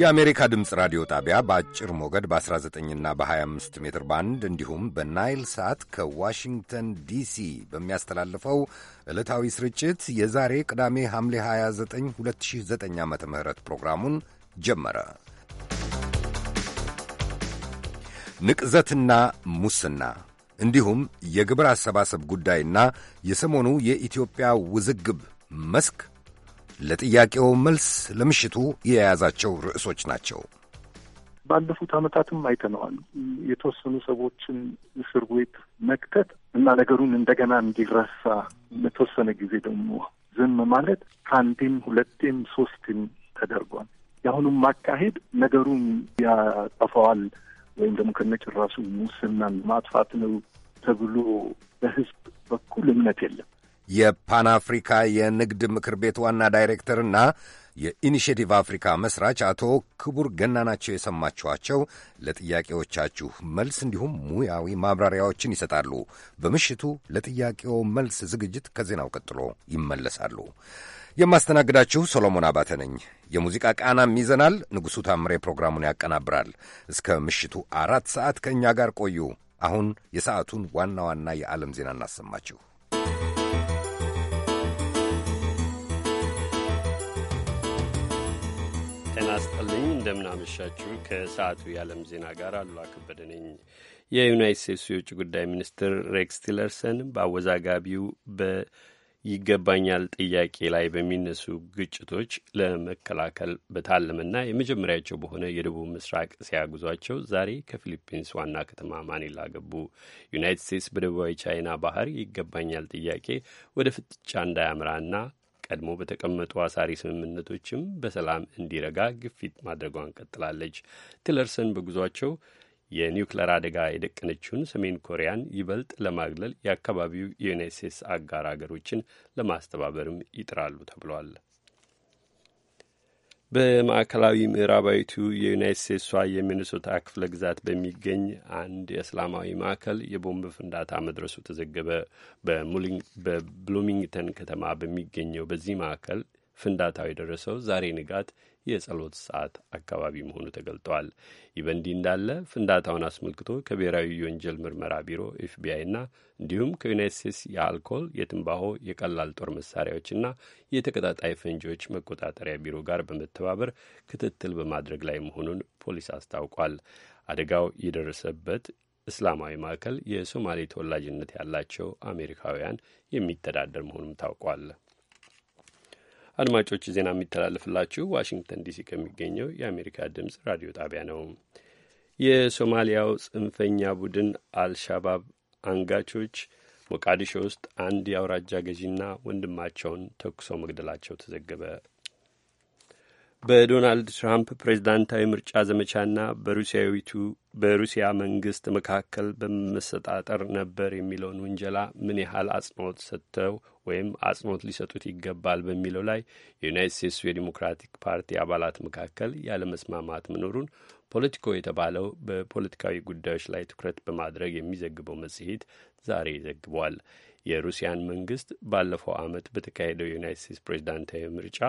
የአሜሪካ ድምፅ ራዲዮ ጣቢያ በአጭር ሞገድ በ19ና በ25 ሜትር ባንድ እንዲሁም በናይል ሳት ከዋሽንግተን ዲሲ በሚያስተላልፈው ዕለታዊ ስርጭት የዛሬ ቅዳሜ ሐምሌ 29 2009 ዓ ም ፕሮግራሙን ጀመረ። ንቅዘትና ሙስና እንዲሁም የግብር አሰባሰብ ጉዳይና የሰሞኑ የኢትዮጵያ ውዝግብ መስክ ለጥያቄው መልስ ለምሽቱ የያዛቸው ርዕሶች ናቸው። ባለፉት ዓመታትም አይተነዋል። የተወሰኑ ሰዎችን እስር ቤት መክተት እና ነገሩን እንደገና እንዲረሳ ለተወሰነ ጊዜ ደግሞ ዝም ማለት ከአንዴም ሁለቴም ሶስቴም ተደርጓል። የአሁኑም ማካሄድ ነገሩን ያጠፋዋል ወይም ደግሞ ከነጭራሱ ሙስናን ማጥፋት ነው ተብሎ በህዝብ በኩል እምነት የለም። የፓን አፍሪካ የንግድ ምክር ቤት ዋና ዳይሬክተርና የኢኒሽቲቭ አፍሪካ መስራች አቶ ክቡር ገና ናቸው የሰማችኋቸው። ለጥያቄዎቻችሁ መልስ እንዲሁም ሙያዊ ማብራሪያዎችን ይሰጣሉ። በምሽቱ ለጥያቄው መልስ ዝግጅት ከዜናው ቀጥሎ ይመለሳሉ። የማስተናግዳችሁ ሶሎሞን አባተ ነኝ። የሙዚቃ ቃናም ይዘናል። ንጉሡ ታምሬ ፕሮግራሙን ያቀናብራል። እስከ ምሽቱ አራት ሰዓት ከእኛ ጋር ቆዩ። አሁን የሰዓቱን ዋና ዋና የዓለም ዜና እናሰማችሁ። ይስጥልኝ እንደምናመሻችሁ። ከሰዓቱ የዓለም ዜና ጋር አሉላ ከበደ ነኝ። የዩናይት ስቴትስ የውጭ ጉዳይ ሚኒስትር ሬክስ ቲለርሰን በአወዛጋቢው በይገባኛል ጥያቄ ላይ በሚነሱ ግጭቶች ለመከላከል በታለመና የመጀመሪያቸው በሆነ የደቡብ ምስራቅ ሲያጉዟቸው ዛሬ ከፊሊፒንስ ዋና ከተማ ማኒላ ገቡ። ዩናይት ስቴትስ በደቡባዊ ቻይና ባህር ይገባኛል ጥያቄ ወደ ፍጥጫ እንዳያምራና ቀድሞ በተቀመጡ አሳሪ ስምምነቶችም በሰላም እንዲረጋ ግፊት ማድረጓን ቀጥላለች። ቲለርሰን በጉዟቸው የኒውክሌር አደጋ የደቀነችውን ሰሜን ኮሪያን ይበልጥ ለማግለል የአካባቢው የዩናይት ስቴትስ አጋር አገሮችን ለማስተባበርም ይጥራሉ ተብሏል። በማዕከላዊ ምዕራባዊቱ የዩናይት ስቴትሷ የሚኒሶታ ክፍለ ግዛት በሚገኝ አንድ የእስላማዊ ማዕከል የቦምብ ፍንዳታ መድረሱ ተዘገበ። በብሉሚንግተን ከተማ በሚገኘው በዚህ ማዕከል ፍንዳታው የደረሰው ዛሬ ንጋት የጸሎት ሰዓት አካባቢ መሆኑ ተገልጠዋል። ይህ በእንዲህ እንዳለ ፍንዳታውን አስመልክቶ ከብሔራዊ የወንጀል ምርመራ ቢሮ ኤፍቢአይና እንዲሁም ከዩናይት ስቴትስ የአልኮል፣ የትንባሆ፣ የቀላል ጦር መሳሪያዎችና የተቀጣጣይ ፈንጂዎች መቆጣጠሪያ ቢሮ ጋር በመተባበር ክትትል በማድረግ ላይ መሆኑን ፖሊስ አስታውቋል። አደጋው የደረሰበት እስላማዊ ማዕከል የሶማሌ ተወላጅነት ያላቸው አሜሪካውያን የሚተዳደር መሆኑም ታውቋል። አድማጮች ዜና የሚተላለፍላችሁ ዋሽንግተን ዲሲ ከሚገኘው የአሜሪካ ድምፅ ራዲዮ ጣቢያ ነው። የሶማሊያው ጽንፈኛ ቡድን አልሻባብ አንጋቾች ሞቃዲሾ ውስጥ አንድ የአውራጃ ገዢና ወንድማቸውን ተኩሰው መግደላቸው ተዘገበ። በዶናልድ ትራምፕ ፕሬዝዳንታዊ ምርጫ ዘመቻና በሩሲያዊቱ በሩሲያ መንግስት መካከል በመሰጣጠር ነበር የሚለውን ውንጀላ ምን ያህል አጽንኦት ሰጥተው ወይም አጽንኦት ሊሰጡት ይገባል በሚለው ላይ የዩናይት ስቴትሱ የዲሞክራቲክ ፓርቲ አባላት መካከል ያለመስማማት መኖሩን ፖለቲኮ የተባለው በፖለቲካዊ ጉዳዮች ላይ ትኩረት በማድረግ የሚዘግበው መጽሔት ዛሬ ዘግቧል። የሩሲያን መንግስት ባለፈው ዓመት በተካሄደው የዩናይት ስቴትስ ፕሬዝዳንታዊ ምርጫ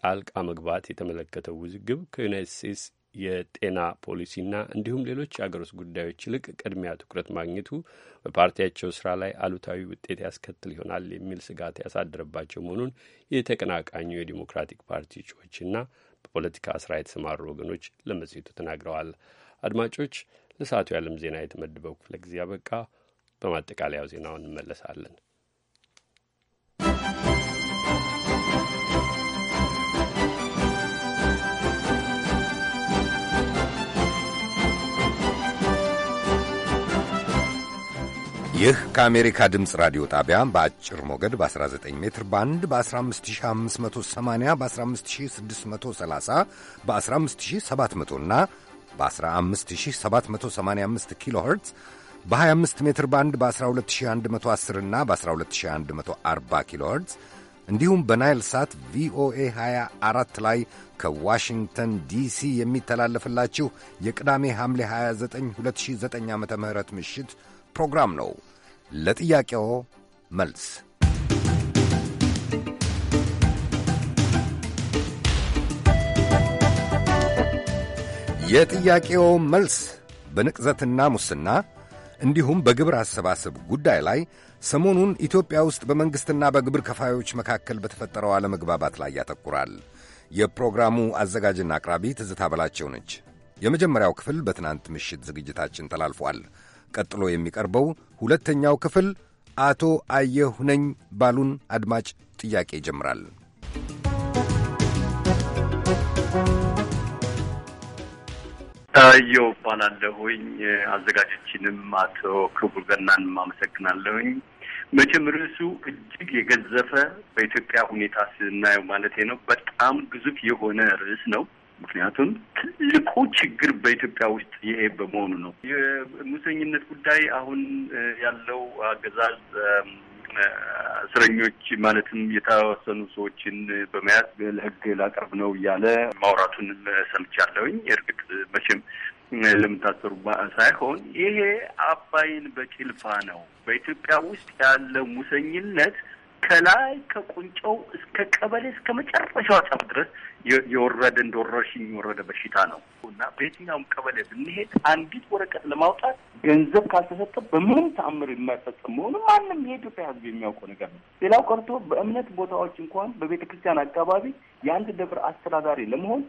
ጣልቃ መግባት የተመለከተው ውዝግብ ከዩናይትድ ስቴትስ የጤና ፖሊሲና እንዲሁም ሌሎች የአገር ውስጥ ጉዳዮች ይልቅ ቅድሚያ ትኩረት ማግኘቱ በፓርቲያቸው ስራ ላይ አሉታዊ ውጤት ያስከትል ይሆናል የሚል ስጋት ያሳደረባቸው መሆኑን የተቀናቃኙ የዲሞክራቲክ ፓርቲ እጩዎችና በፖለቲካ ስራ የተሰማሩ ወገኖች ለመጽሄቱ ተናግረዋል። አድማጮች፣ ለሰዓቱ የዓለም ዜና የተመደበው ክፍለ ጊዜ አበቃ። በማጠቃለያው ዜናው እንመለሳለን። ይህ ከአሜሪካ ድምፅ ራዲዮ ጣቢያ በአጭር ሞገድ በ19 ሜትር ባንድ በ15580 በ15630 በ15700 እና በ15785 ኪሎ ኸርትዝ በ25 ሜትር ባንድ በ12110 እና በ12140 ኪሎ ኸርትዝ እንዲሁም በናይል ሳት ቪኦኤ 24 ላይ ከዋሽንግተን ዲሲ የሚተላለፍላችሁ የቅዳሜ ሐምሌ 29 2009 ዓ ም ምሽት ፕሮግራም ነው። ለጥያቄው መልስ የጥያቄው መልስ በንቅዘትና ሙስና እንዲሁም በግብር አሰባሰብ ጉዳይ ላይ ሰሞኑን ኢትዮጵያ ውስጥ በመንግሥትና በግብር ከፋዮች መካከል በተፈጠረው አለመግባባት ላይ ያተኩራል። የፕሮግራሙ አዘጋጅና አቅራቢ ትዝታ በላቸው ነች። የመጀመሪያው ክፍል በትናንት ምሽት ዝግጅታችን ተላልፏል። ቀጥሎ የሚቀርበው ሁለተኛው ክፍል አቶ አየሁ ነኝ ባሉን አድማጭ ጥያቄ ይጀምራል። ታየው እባላለሁኝ። አዘጋጆችንም አቶ ክቡር ገናን አመሰግናለሁኝ። መቼም ርዕሱ እጅግ የገዘፈ በኢትዮጵያ ሁኔታ ስናየው ማለት ነው በጣም ግዙፍ የሆነ ርዕስ ነው። ምክንያቱም ትልቁ ችግር በኢትዮጵያ ውስጥ ይሄ በመሆኑ ነው። የሙሰኝነት ጉዳይ አሁን ያለው አገዛዝ እስረኞች ማለትም የተወሰኑ ሰዎችን በመያዝ ለሕግ ላቀርብ ነው እያለ ማውራቱን ሰምቻለሁኝ። እርግጥ መቼም ለምታሰሩ ሳይሆን ይሄ አባይን በጭልፋ ነው። በኢትዮጵያ ውስጥ ያለው ሙሰኝነት ከላይ ከቁንጮው እስከ ቀበሌ እስከ መጨረሻው ጫፍ ድረስ የወረደ እንደ ወረርሽኝ የወረደ በሽታ ነው እና በየትኛውም ቀበሌ ብንሄድ አንዲት ወረቀት ለማውጣት ገንዘብ ካልተሰጠ በምንም ተአምር የማይፈጸም መሆኑ ማንም የኢትዮጵያ ሕዝብ የሚያውቀው ነገር ነው። ሌላው ቀርቶ በእምነት ቦታዎች እንኳን በቤተ ክርስቲያን አካባቢ የአንድ ደብር አስተዳዳሪ ለመሆን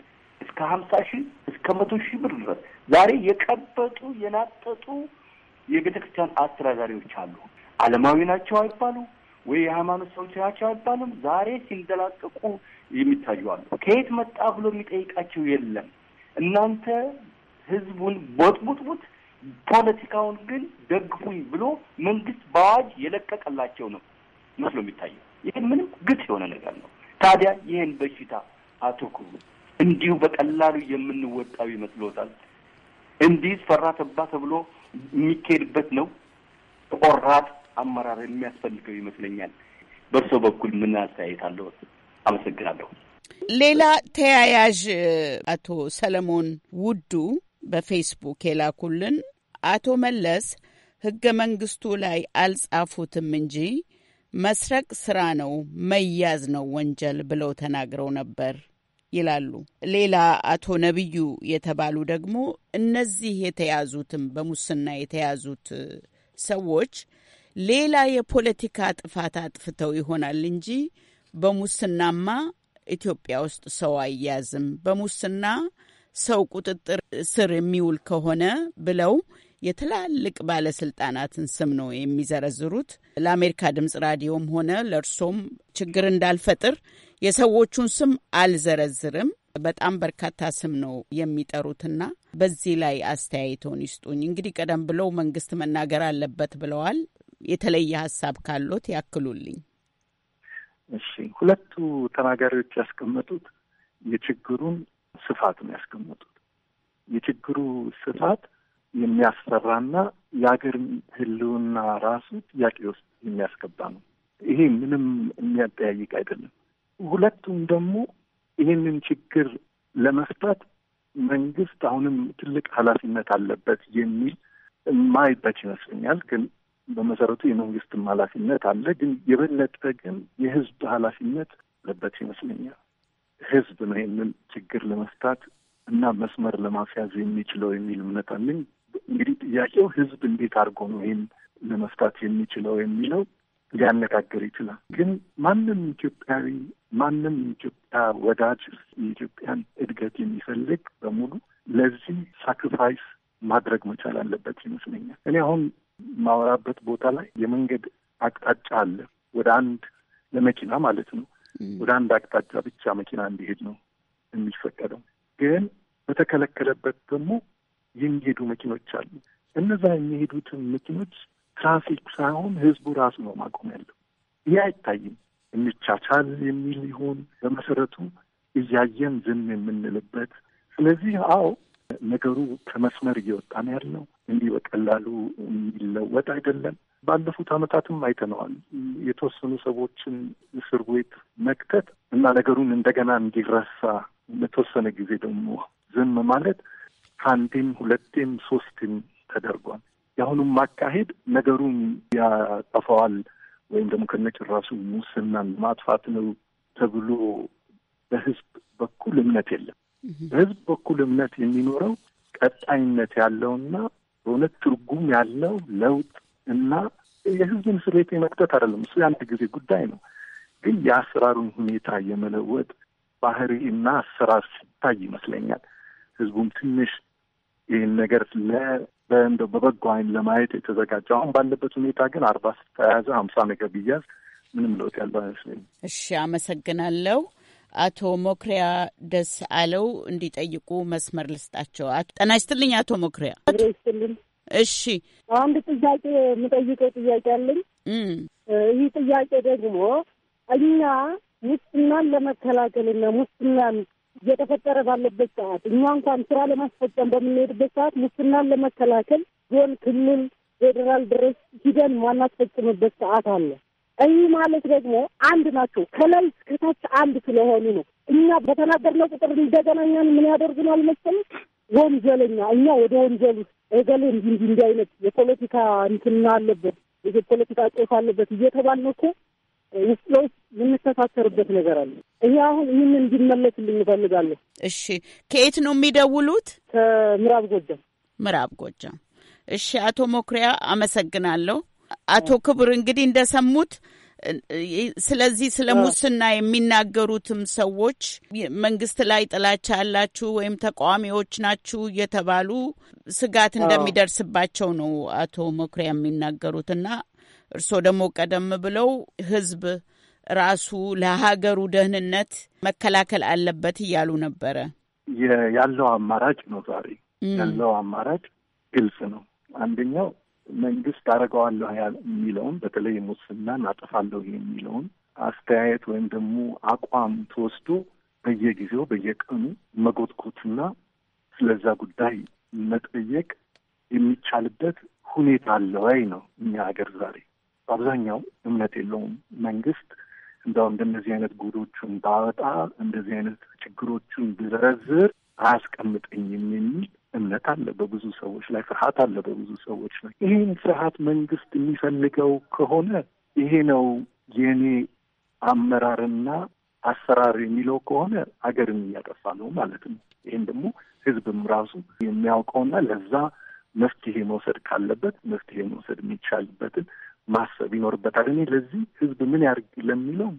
እስከ ሀምሳ ሺህ እስከ መቶ ሺህ ብር ድረስ ዛሬ የቀበጡ የናጠጡ የቤተ ክርስቲያን አስተዳዳሪዎች አሉ። አለማዊ ናቸው አይባሉ ወይ የሃይማኖት ሰዎች ናቸው አይባልም። ዛሬ ሲንደላቀቁ የሚታዩ አሉ። ከየት መጣ ብሎ የሚጠይቃቸው የለም። እናንተ ህዝቡን ቦጥቡጥቡት፣ ፖለቲካውን ግን ደግፉኝ ብሎ መንግስት በአዋጅ የለቀቀላቸው ነው መስሎ የሚታየው። ይህ ምንም ግት የሆነ ነገር ነው። ታዲያ ይህን በሽታ አቶ እንዲሁ በቀላሉ የምንወጣው ይመስሎታል? እንዲህ ፈራ ተባ ተብሎ የሚካሄድበት ነው ቆራጥ አመራር የሚያስፈልገው ይመስለኛል። በእርሶ በኩል ምን አስተያየት አለው? አመሰግናለሁ። ሌላ ተያያዥ አቶ ሰለሞን ውዱ በፌስቡክ የላኩልን አቶ መለስ ህገ መንግስቱ ላይ አልጻፉትም እንጂ መስረቅ ስራ ነው፣ መያዝ ነው ወንጀል ብለው ተናግረው ነበር ይላሉ። ሌላ አቶ ነቢዩ የተባሉ ደግሞ እነዚህ የተያዙትም በሙስና የተያዙት ሰዎች ሌላ የፖለቲካ ጥፋት አጥፍተው ይሆናል እንጂ በሙስናማ ኢትዮጵያ ውስጥ ሰው አያዝም፣ በሙስና ሰው ቁጥጥር ስር የሚውል ከሆነ ብለው የትላልቅ ባለስልጣናትን ስም ነው የሚዘረዝሩት። ለአሜሪካ ድምፅ ራዲዮም ሆነ ለእርሶም ችግር እንዳልፈጥር የሰዎቹን ስም አልዘረዝርም። በጣም በርካታ ስም ነው የሚጠሩትና በዚህ ላይ አስተያየቶን ይስጡኝ። እንግዲህ ቀደም ብለው መንግስት መናገር አለበት ብለዋል። የተለየ ሀሳብ ካሎት ያክሉልኝ። እሺ፣ ሁለቱ ተናጋሪዎች ያስቀመጡት የችግሩን ስፋት ነው ያስቀመጡት። የችግሩ ስፋት የሚያስፈራና የሀገር ሕልውና ራሱ ጥያቄ ውስጥ የሚያስገባ ነው። ይሄ ምንም የሚያጠያይቅ አይደለም። ሁለቱም ደግሞ ይህንን ችግር ለመፍታት መንግስት አሁንም ትልቅ ኃላፊነት አለበት የሚል ማይበት ይመስለኛል። ግን በመሰረቱ የመንግስትም ኃላፊነት አለ። ግን የበለጠ ግን የህዝብ ኃላፊነት አለበት ይመስለኛል። ህዝብ ነው ይህንን ችግር ለመፍታት እና መስመር ለማስያዝ የሚችለው የሚል እምነት አለኝ። እንግዲህ ጥያቄው ህዝብ እንዴት አድርጎ ነው ይህን ለመፍታት የሚችለው የሚለው ሊያነጋግር ይችላል። ግን ማንም ኢትዮጵያዊ፣ ማንም የኢትዮጵያ ወዳጅ የኢትዮጵያን እድገት የሚፈልግ በሙሉ ለዚህ ሳክሪፋይስ ማድረግ መቻል አለበት ይመስለኛል። እኔ አሁን የማወራበት ቦታ ላይ የመንገድ አቅጣጫ አለ። ወደ አንድ ለመኪና ማለት ነው። ወደ አንድ አቅጣጫ ብቻ መኪና እንዲሄድ ነው የሚፈቀደው። ግን በተከለከለበት ደግሞ የሚሄዱ መኪኖች አሉ። እነዛ የሚሄዱትን መኪኖች ትራፊክ ሳይሆን ህዝቡ ራሱ ነው ማቆም ያለው። ይህ አይታይም። የሚቻቻል የሚል ይሆን በመሰረቱ እያየን ዝም የምንልበት ስለዚህ አዎ ነገሩ ከመስመር እየወጣ ነው ያለው። እንዲህ በቀላሉ የሚለወጥ አይደለም። ባለፉት አመታትም አይተነዋል። የተወሰኑ ሰዎችን እስር ቤት መክተት እና ነገሩን እንደገና እንዲረሳ ለተወሰነ ጊዜ ደግሞ ዝም ማለት ከአንዴም ሁለቴም ሶስቴም ተደርጓል። የአሁኑም ማካሄድ ነገሩን ያጠፋዋል ወይም ደግሞ ከነጭራሱ ሙስናን ማጥፋት ነው ተብሎ በህዝብ በኩል እምነት የለም። Mm-hmm. ህዝብ በኩል እምነት የሚኖረው ቀጣይነት ያለውና በእውነት ትርጉም ያለው ለውጥ እና የህዝብን ምስር ቤት የመክተት አይደለም። እሱ የአንድ ጊዜ ጉዳይ ነው። ግን የአሰራሩን ሁኔታ የመለወጥ ባህሪ እና አሰራር ሲታይ ይመስለኛል ህዝቡም ትንሽ ይህን ነገር እንደው በበጎ አይን ለማየት የተዘጋጀው አሁን ባለበት ሁኔታ ግን አርባ ስተያዘ ሀምሳ ነገር ብያዝ ምንም ለውጥ ያለው አይመስለኝም። እሺ፣ አመሰግናለሁ። አቶ ሞክሪያ ደስ አለው እንዲጠይቁ መስመር ልስጣቸው። ጤና ይስጥልኝ አቶ ሞክሪያ። እሺ አንድ ጥያቄ የምጠይቀው ጥያቄ አለኝ። ይህ ጥያቄ ደግሞ እኛ ሙስናን ለመከላከልና ሙስናን እየተፈጠረ ባለበት ሰዓት እኛ እንኳን ስራ ለማስፈጸም በምንሄድበት ሰዓት ሙስናን ለመከላከል ዞን፣ ክልል፣ ፌዴራል ድረስ ሂደን ማናስፈጽምበት ሰዓት አለ። ቀይ ማለት ደግሞ አንድ ናቸው። ከላይ እስከታች አንድ ስለሆኑ ነው። እኛ በተናገርነው ቁጥር እንደገናኛን እኛን ምን ያደርጉናል መሰለኝ ወንጀለኛ እኛ ወደ ወንጀል ውስጥ እገሌ እንዲ እንዲህ አይነት የፖለቲካ እንትና አለበት የፖለቲካ ጤፍ አለበት እየተባልን እኮ ውስጥ ለውስጥ የምንተሳሰርበት ነገር አለ። ይሄ አሁን ይህን እንዲመለስልኝ እፈልጋለሁ። እሺ፣ ከየት ነው የሚደውሉት? ከምዕራብ ጎጃም። ምዕራብ ጎጃም። እሺ፣ አቶ ሞኩሪያ አመሰግናለሁ። አቶ ክቡር እንግዲህ እንደሰሙት ስለዚህ ስለ ሙስና የሚናገሩትም ሰዎች መንግስት ላይ ጥላቻ ያላችሁ ወይም ተቃዋሚዎች ናችሁ እየተባሉ ስጋት እንደሚደርስባቸው ነው አቶ መኩሪያ የሚናገሩት እና እርስዎ ደግሞ ቀደም ብለው ህዝብ ራሱ ለሀገሩ ደህንነት መከላከል አለበት እያሉ ነበረ። ያለው አማራጭ ነው ዛሬ ያለው አማራጭ ግልጽ ነው። አንደኛው መንግስት አደርገዋለሁ የሚለውን በተለይ ሙስናን አጠፋለሁ የሚለውን አስተያየት ወይም ደግሞ አቋም ተወስዶ በየጊዜው በየቀኑ መጎትኮትና ስለዛ ጉዳይ መጠየቅ የሚቻልበት ሁኔታ አለ ወይ ነው እኛ ሀገር ዛሬ። በአብዛኛው እምነት የለውም መንግስት እንደው እንደነዚህ አይነት ጉዶቹን ባወጣ እንደዚህ አይነት ችግሮቹን ብዘረዝር አያስቀምጠኝም የሚል እምነት አለ በብዙ ሰዎች ላይ፣ ፍርሃት አለ በብዙ ሰዎች ላይ። ይህን ፍርሃት መንግስት የሚፈልገው ከሆነ ይሄ ነው የእኔ አመራርና አሰራር የሚለው ከሆነ አገርን እያጠፋ ነው ማለት ነው። ይህን ደግሞ ህዝብም ራሱ የሚያውቀውና ለዛ መፍትሄ መውሰድ ካለበት መፍትሄ መውሰድ የሚቻልበትን ማሰብ ይኖርበታል። እኔ ለዚህ ህዝብ ምን ያርግ ለሚለው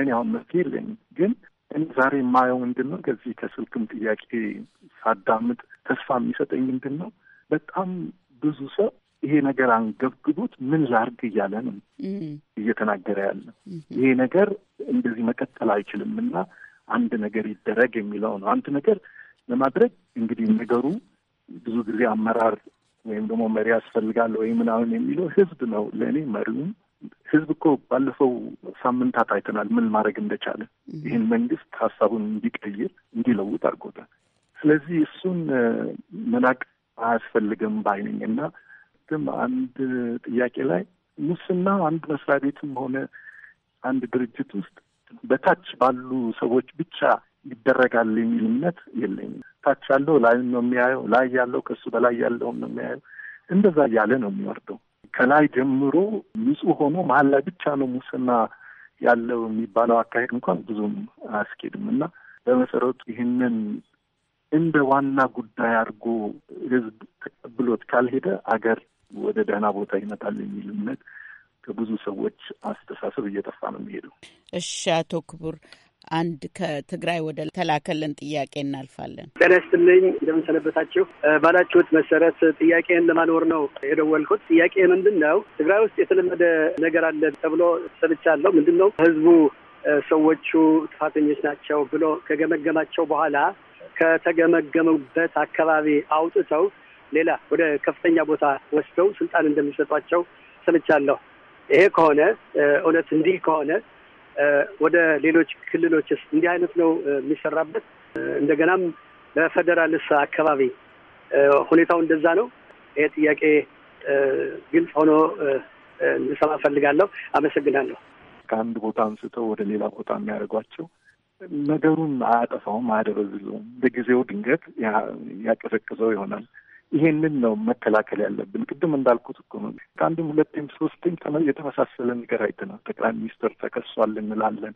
እኔ አሁን መፍትሄ የለኝም፣ ግን እኔ ዛሬ የማየው ምንድን ነው ከዚህ ከስልክም ጥያቄ ሳዳምጥ ተስፋ የሚሰጠኝ ምንድን ነው በጣም ብዙ ሰው ይሄ ነገር አንገብግቦት ምን ላርግ እያለ ነው እየተናገረ ያለ። ይሄ ነገር እንደዚህ መቀጠል አይችልም እና አንድ ነገር ይደረግ የሚለው ነው። አንድ ነገር ለማድረግ እንግዲህ ነገሩ ብዙ ጊዜ አመራር ወይም ደግሞ መሪ ያስፈልጋል ወይ ምናምን የሚለው ህዝብ ነው ለእኔ መሪውም ህዝብ እኮ ባለፈው ሳምንታት አይተናል ምን ማድረግ እንደቻለ። ይህን መንግስት ሀሳቡን እንዲቀይር እንዲለውጥ አድርጎታል። ስለዚህ እሱን መናቅ አያስፈልግም ባይነኝ እና ግን አንድ ጥያቄ ላይ ሙስና አንድ መስሪያ ቤትም ሆነ አንድ ድርጅት ውስጥ በታች ባሉ ሰዎች ብቻ ይደረጋል የሚል እምነት የለኝም። ታች ያለው ላይ ነው የሚያየው፣ ላይ ያለው ከሱ በላይ ያለውን ነው የሚያየው። እንደዛ እያለ ነው የሚወርደው ከላይ ጀምሮ ንጹህ ሆኖ መሀል ላይ ብቻ ነው ሙስና ያለው የሚባለው አካሄድ እንኳን ብዙም አያስኬድም እና በመሰረቱ ይህንን እንደ ዋና ጉዳይ አድርጎ ህዝብ ተቀብሎት ካልሄደ አገር ወደ ደህና ቦታ ይመጣል የሚል እምነት ከብዙ ሰዎች አስተሳሰብ እየጠፋ ነው የሚሄደው። እሺ፣ አቶ ክቡር አንድ ከትግራይ ወደ ተላከልን ጥያቄ እናልፋለን። ጤና ይስጥልኝ፣ እንደምን ባላችሁት መሰረት ጥያቄን ለማኖር ነው የደወልኩት። ጥያቄ ምንድን ነው? ትግራይ ውስጥ የተለመደ ነገር አለ ተብሎ ሰምቻለሁ። ምንድን ነው ህዝቡ ሰዎቹ ጥፋተኞች ናቸው ብሎ ከገመገማቸው በኋላ ከተገመገሙበት አካባቢ አውጥተው ሌላ ወደ ከፍተኛ ቦታ ወስደው ስልጣን እንደሚሰጧቸው ሰምቻለሁ። ይሄ ከሆነ እውነት እንዲህ ከሆነ ወደ ሌሎች ክልሎችስ እንዲህ አይነት ነው የሚሰራበት? እንደገናም በፌደራልስ አካባቢ ሁኔታው እንደዛ ነው? ይህ ጥያቄ ግልጽ ሆኖ እንድሰማ ፈልጋለሁ። አመሰግናለሁ። ከአንድ ቦታ አንስተው ወደ ሌላ ቦታ የሚያደርጓቸው ነገሩን አያጠፋውም፣ አያደበዝዘውም። በጊዜው ድንገት ያቀዘቅዘው ይሆናል። ይሄንን ነው መከላከል ያለብን። ቅድም እንዳልኩት እኮ ነው ከአንድም ሁለትም ሶስትም የተመሳሰለ ነገር አይተናል። ጠቅላይ ሚኒስትር ተከሷል እንላለን።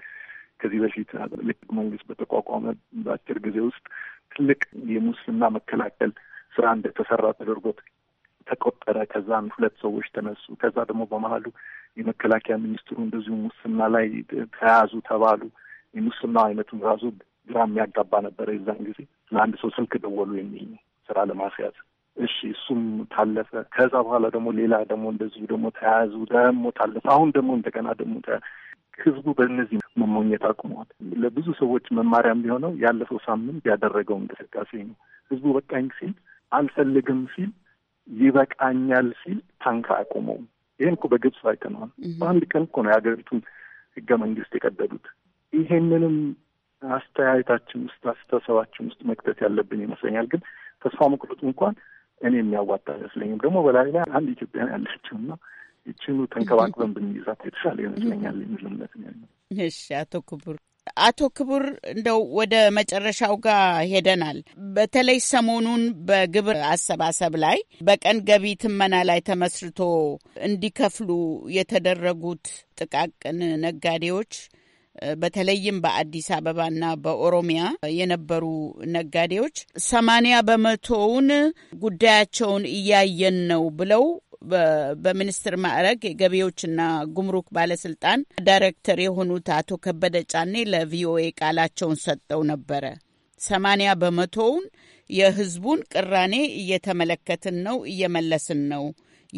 ከዚህ በፊት ልክ መንግስት በተቋቋመ በአጭር ጊዜ ውስጥ ትልቅ የሙስና መከላከል ስራ እንደተሰራ ተደርጎ ተቆጠረ። ከዛም ሁለት ሰዎች ተነሱ። ከዛ ደግሞ በመሀሉ የመከላከያ ሚኒስትሩ እንደዚሁ ሙስና ላይ ተያያዙ ተባሉ። የሙስና አይነቱን ራሱ ግራ የሚያጋባ ነበረ። የዛን ጊዜ ለአንድ ሰው ስልክ ደወሉ የሚል ነው ስራ ለማስያዝ እሺ እሱም ታለፈ። ከዛ በኋላ ደግሞ ሌላ ደግሞ እንደዚሁ ደግሞ ተያያዙ፣ ደግሞ ታለፈ። አሁን ደግሞ እንደገና ደግሞ ህዝቡ በእነዚህ መሞኘት አቁመዋል። ለብዙ ሰዎች መማሪያም ቢሆነው ያለፈው ሳምንት ያደረገው እንቅስቃሴ ነው። ህዝቡ በቃኝ ሲል፣ አልፈልግም ሲል፣ ይበቃኛል ሲል ታንክ አያቆመውም። ይህን እኮ በግብጽ አይተነዋል። በአንድ ቀን እኮ ነው የሀገሪቱን ህገ መንግስት የቀደዱት። ይሄንንም አስተያየታችን ውስጥ አስተሳሰባችን ውስጥ መክተት ያለብን ይመስለኛል። ግን ተስፋ መቁረጡ እንኳን እኔ የሚያዋጣ አይመስለኝም። ደግሞ በላይ ላይ አንድ ኢትዮጵያን ያለችው እና ይችኑ ተንከባክበን ብንይዛት የተሻለ ይመስለኛል የሚል እምነት እሺ አቶ ክቡር አቶ ክቡር እንደው ወደ መጨረሻው ጋር ሄደናል። በተለይ ሰሞኑን በግብር አሰባሰብ ላይ በቀን ገቢ ትመና ላይ ተመስርቶ እንዲከፍሉ የተደረጉት ጥቃቅን ነጋዴዎች በተለይም በአዲስ አበባና በኦሮሚያ የነበሩ ነጋዴዎች ሰማንያ በመቶውን ጉዳያቸውን እያየን ነው ብለው በሚኒስትር ማዕረግ የገቢዎችና ጉምሩክ ባለስልጣን ዳይሬክተር የሆኑት አቶ ከበደ ጫኔ ለቪኦኤ ቃላቸውን ሰጠው ነበረ። ሰማንያ በመቶውን የህዝቡን ቅራኔ እየተመለከትን ነው፣ እየመለስን ነው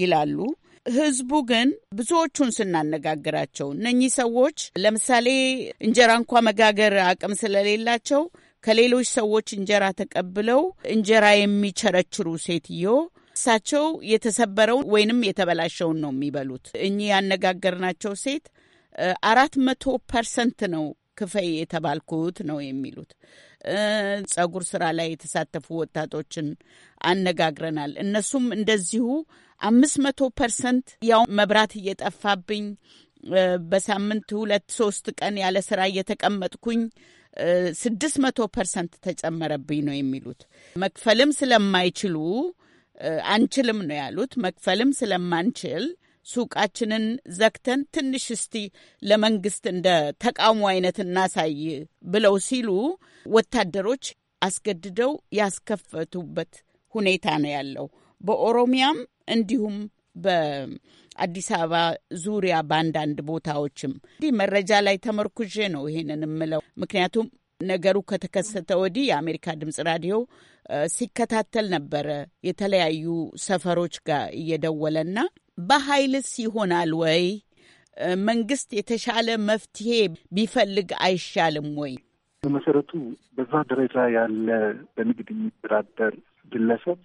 ይላሉ። ህዝቡ ግን ብዙዎቹን ስናነጋግራቸው እነኚህ ሰዎች ለምሳሌ እንጀራ እንኳ መጋገር አቅም ስለሌላቸው ከሌሎች ሰዎች እንጀራ ተቀብለው እንጀራ የሚቸረችሩ ሴትዮ እሳቸው የተሰበረውን ወይንም የተበላሸውን ነው የሚበሉት። እኚህ ያነጋገርናቸው ሴት አራት መቶ ፐርሰንት ነው ክፈይ የተባልኩት ነው የሚሉት። ጸጉር ስራ ላይ የተሳተፉ ወጣቶችን አነጋግረናል። እነሱም እንደዚሁ አምስት መቶ ፐርሰንት ያው መብራት እየጠፋብኝ በሳምንት ሁለት ሶስት ቀን ያለ ስራ እየተቀመጥኩኝ ስድስት መቶ ፐርሰንት ተጨመረብኝ ነው የሚሉት። መክፈልም ስለማይችሉ አንችልም ነው ያሉት። መክፈልም ስለማንችል ሱቃችንን ዘግተን ትንሽ እስቲ ለመንግስት እንደ ተቃውሞ አይነት እናሳይ ብለው ሲሉ ወታደሮች አስገድደው ያስከፈቱበት ሁኔታ ነው ያለው። በኦሮሚያም እንዲሁም በአዲስ አበባ ዙሪያ በአንዳንድ ቦታዎችም እንዲህ መረጃ ላይ ተመርኩዤ ነው ይሄንን የምለው። ምክንያቱም ነገሩ ከተከሰተ ወዲህ የአሜሪካ ድምጽ ራዲዮ ሲከታተል ነበረ የተለያዩ ሰፈሮች ጋር እየደወለና በኃይልስ ይሆናል ወይ መንግስት የተሻለ መፍትሄ ቢፈልግ አይሻልም ወይ? በመሰረቱ በዛ ደረጃ ያለ በንግድ የሚተዳደር ግለሰብ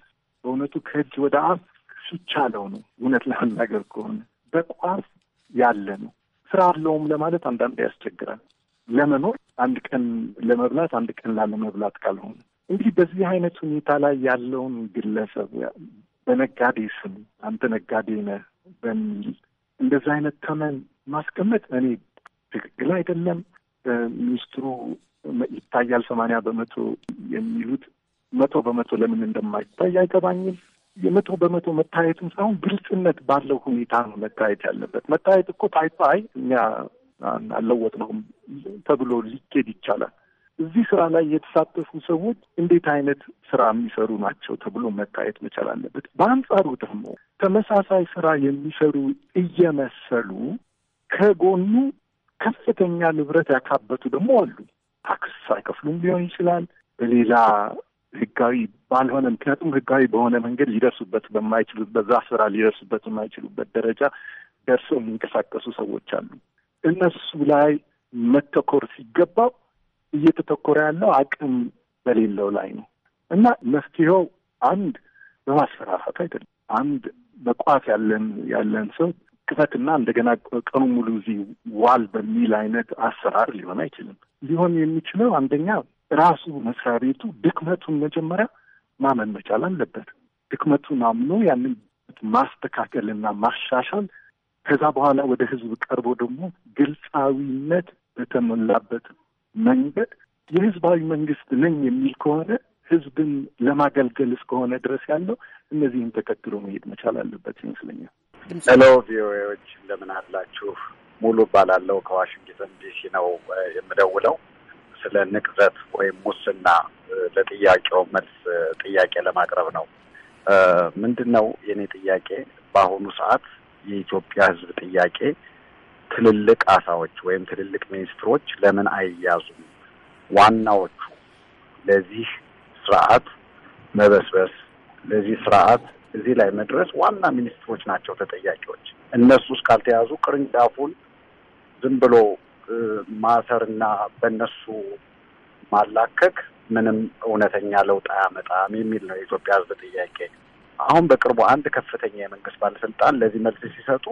በእውነቱ ከእጅ ወደ አፍ ሲቻለው ነው። እውነት ለመናገር ከሆነ በቋፍ ያለ ነው። ስራ አለውም ለማለት አንዳንድ ያስቸግራል። ለመኖር አንድ ቀን ለመብላት አንድ ቀን ላለመብላት ካልሆነ እንግዲህ በዚህ አይነት ሁኔታ ላይ ያለውን ግለሰብ በነጋዴ ስም አንተ ነጋዴ ነህ በሚል እንደዚህ አይነት ተመን ማስቀመጥ እኔ ትክክል አይደለም። ሚኒስትሩ ይታያል ሰማንያ በመቶ የሚሉት መቶ በመቶ ለምን እንደማይታይ አይገባኝም። የመቶ በመቶ መታየቱም ሳይሆን ግልጽነት ባለው ሁኔታ ነው መታየት ያለበት። መታየት እኮ ታይቶ አይ እኛ ነው ተብሎ ሊኬድ ይቻላል። እዚህ ስራ ላይ የተሳተፉ ሰዎች እንዴት አይነት ስራ የሚሰሩ ናቸው ተብሎ መታየት መቻል አለበት። በአንጻሩ ደግሞ ተመሳሳይ ስራ የሚሰሩ እየመሰሉ ከጎኑ ከፍተኛ ንብረት ያካበቱ ደግሞ አሉ። ታክስ ሳይከፍሉም ሊሆን ይችላል በሌላ ህጋዊ ባልሆነ ምክንያቱም ህጋዊ በሆነ መንገድ ሊደርሱበት በማይችሉት በዛ ስራ ሊደርሱበት በማይችሉበት ደረጃ ደርሰው የሚንቀሳቀሱ ሰዎች አሉ። እነሱ ላይ መተኮር ሲገባው እየተተኮረ ያለው አቅም በሌለው ላይ ነው እና መፍትሄው አንድ በማስፈራራት አይደለም። አንድ በቋት ያለን ያለን ሰው ክፈትና እንደገና ቀኑ ሙሉ እዚህ ዋል በሚል አይነት አሰራር ሊሆን አይችልም። ሊሆን የሚችለው አንደኛ ራሱ መስሪያ ቤቱ ድክመቱን መጀመሪያ ማመን መቻል አለበት። ድክመቱን አምኖ ያንን ማስተካከልና ማሻሻል ከዛ በኋላ ወደ ህዝብ ቀርቦ ደግሞ ግልጻዊነት በተሞላበት መንገድ የህዝባዊ መንግስት ነኝ የሚል ከሆነ ህዝብን ለማገልገል እስከሆነ ድረስ ያለው እነዚህን ተከትሎ መሄድ መቻል አለበት ይመስለኛል። ሄሎ ቪኦኤዎች እንደምን አላችሁ? ሙሉ እባላለሁ ከዋሽንግተን ዲሲ ነው የምደውለው። ስለ ንቅዘት ወይም ሙስና ለጥያቄው መልስ ጥያቄ ለማቅረብ ነው። ምንድን ነው የእኔ ጥያቄ? በአሁኑ ሰዓት የኢትዮጵያ ሕዝብ ጥያቄ ትልልቅ አሳዎች ወይም ትልልቅ ሚኒስትሮች ለምን አይያዙም? ዋናዎቹ ለዚህ ስርዓት መበስበስ፣ ለዚህ ስርዓት እዚህ ላይ መድረስ ዋና ሚኒስትሮች ናቸው ተጠያቂዎች። እነሱ እስካልተያዙ ቅርንጫፉን ዝም ብሎ ማሰርና በእነሱ ማላከክ ምንም እውነተኛ ለውጥ አያመጣም የሚል ነው የኢትዮጵያ ሕዝብ ጥያቄ። አሁን በቅርቡ አንድ ከፍተኛ የመንግስት ባለስልጣን ለዚህ መልስ ሲሰጡ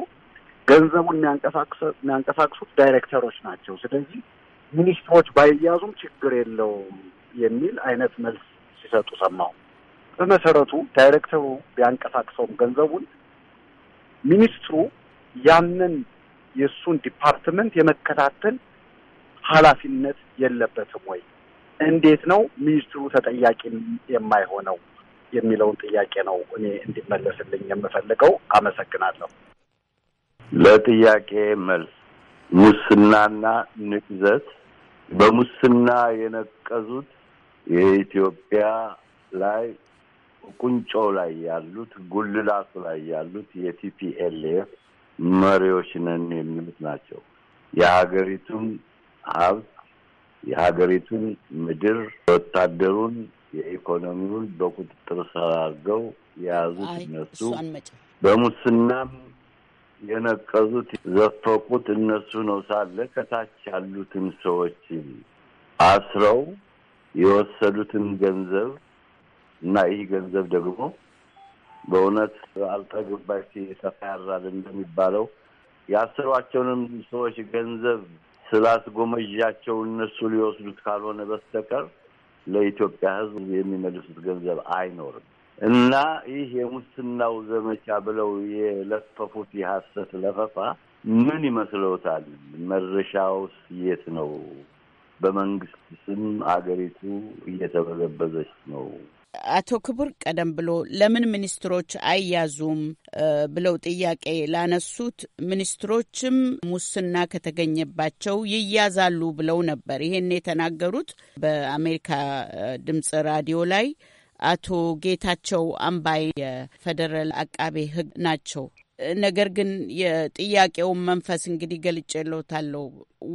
ገንዘቡን የሚያንቀሳቅሱት ዳይሬክተሮች ናቸው፣ ስለዚህ ሚኒስትሮች ባይያዙም ችግር የለውም የሚል አይነት መልስ ሲሰጡ ሰማው በመሰረቱ ዳይሬክተሩ ቢያንቀሳቅሰውም ገንዘቡን ሚኒስትሩ ያንን የእሱን ዲፓርትመንት የመከታተል ኃላፊነት የለበትም ወይ? እንዴት ነው ሚኒስትሩ ተጠያቂ የማይሆነው የሚለውን ጥያቄ ነው እኔ እንዲመለስልኝ የምፈልገው። አመሰግናለሁ። ለጥያቄ መልስ ሙስናና ንቅዘት በሙስና የነቀዙት የኢትዮጵያ ላይ ቁንጮ ላይ ያሉት ጉልላቱ ላይ ያሉት የቲፒኤልኤፍ መሪዎች ነን የሚሉት ናቸው። የሀገሪቱን ሀብት የሀገሪቱን ምድር ወታደሩን፣ የኢኮኖሚውን በቁጥጥር ስር አድርገው የያዙት እነሱ፣ በሙስናም የነቀዙት ዘፈቁት እነሱ ነው ሳለ ከታች ያሉትን ሰዎች አስረው የወሰዱትን ገንዘብ እና ይህ ገንዘብ ደግሞ በእውነት አልጠግብ ባሽ ሰፋ ያራል እንደሚባለው ያሰሯቸውንም ሰዎች ገንዘብ ስላስጎመዣቸው እነሱ ሊወስዱት ካልሆነ በስተቀር ለኢትዮጵያ ሕዝብ የሚመልሱት ገንዘብ አይኖርም እና ይህ የሙስናው ዘመቻ ብለው የለፈፉት የሀሰት ለፈፋ ምን ይመስለውታል? መድረሻውስ የት ነው? በመንግስት ስም አገሪቱ እየተበዘበዘች ነው። አቶ ክቡር ቀደም ብሎ ለምን ሚኒስትሮች አይያዙም ብለው ጥያቄ ላነሱት ሚኒስትሮችም ሙስና ከተገኘባቸው ይያዛሉ ብለው ነበር። ይሄን የተናገሩት በአሜሪካ ድምፅ ራዲዮ ላይ አቶ ጌታቸው አምባይ የፌዴራል አቃቤ ሕግ ናቸው። ነገር ግን የጥያቄውን መንፈስ እንግዲህ ገልጬ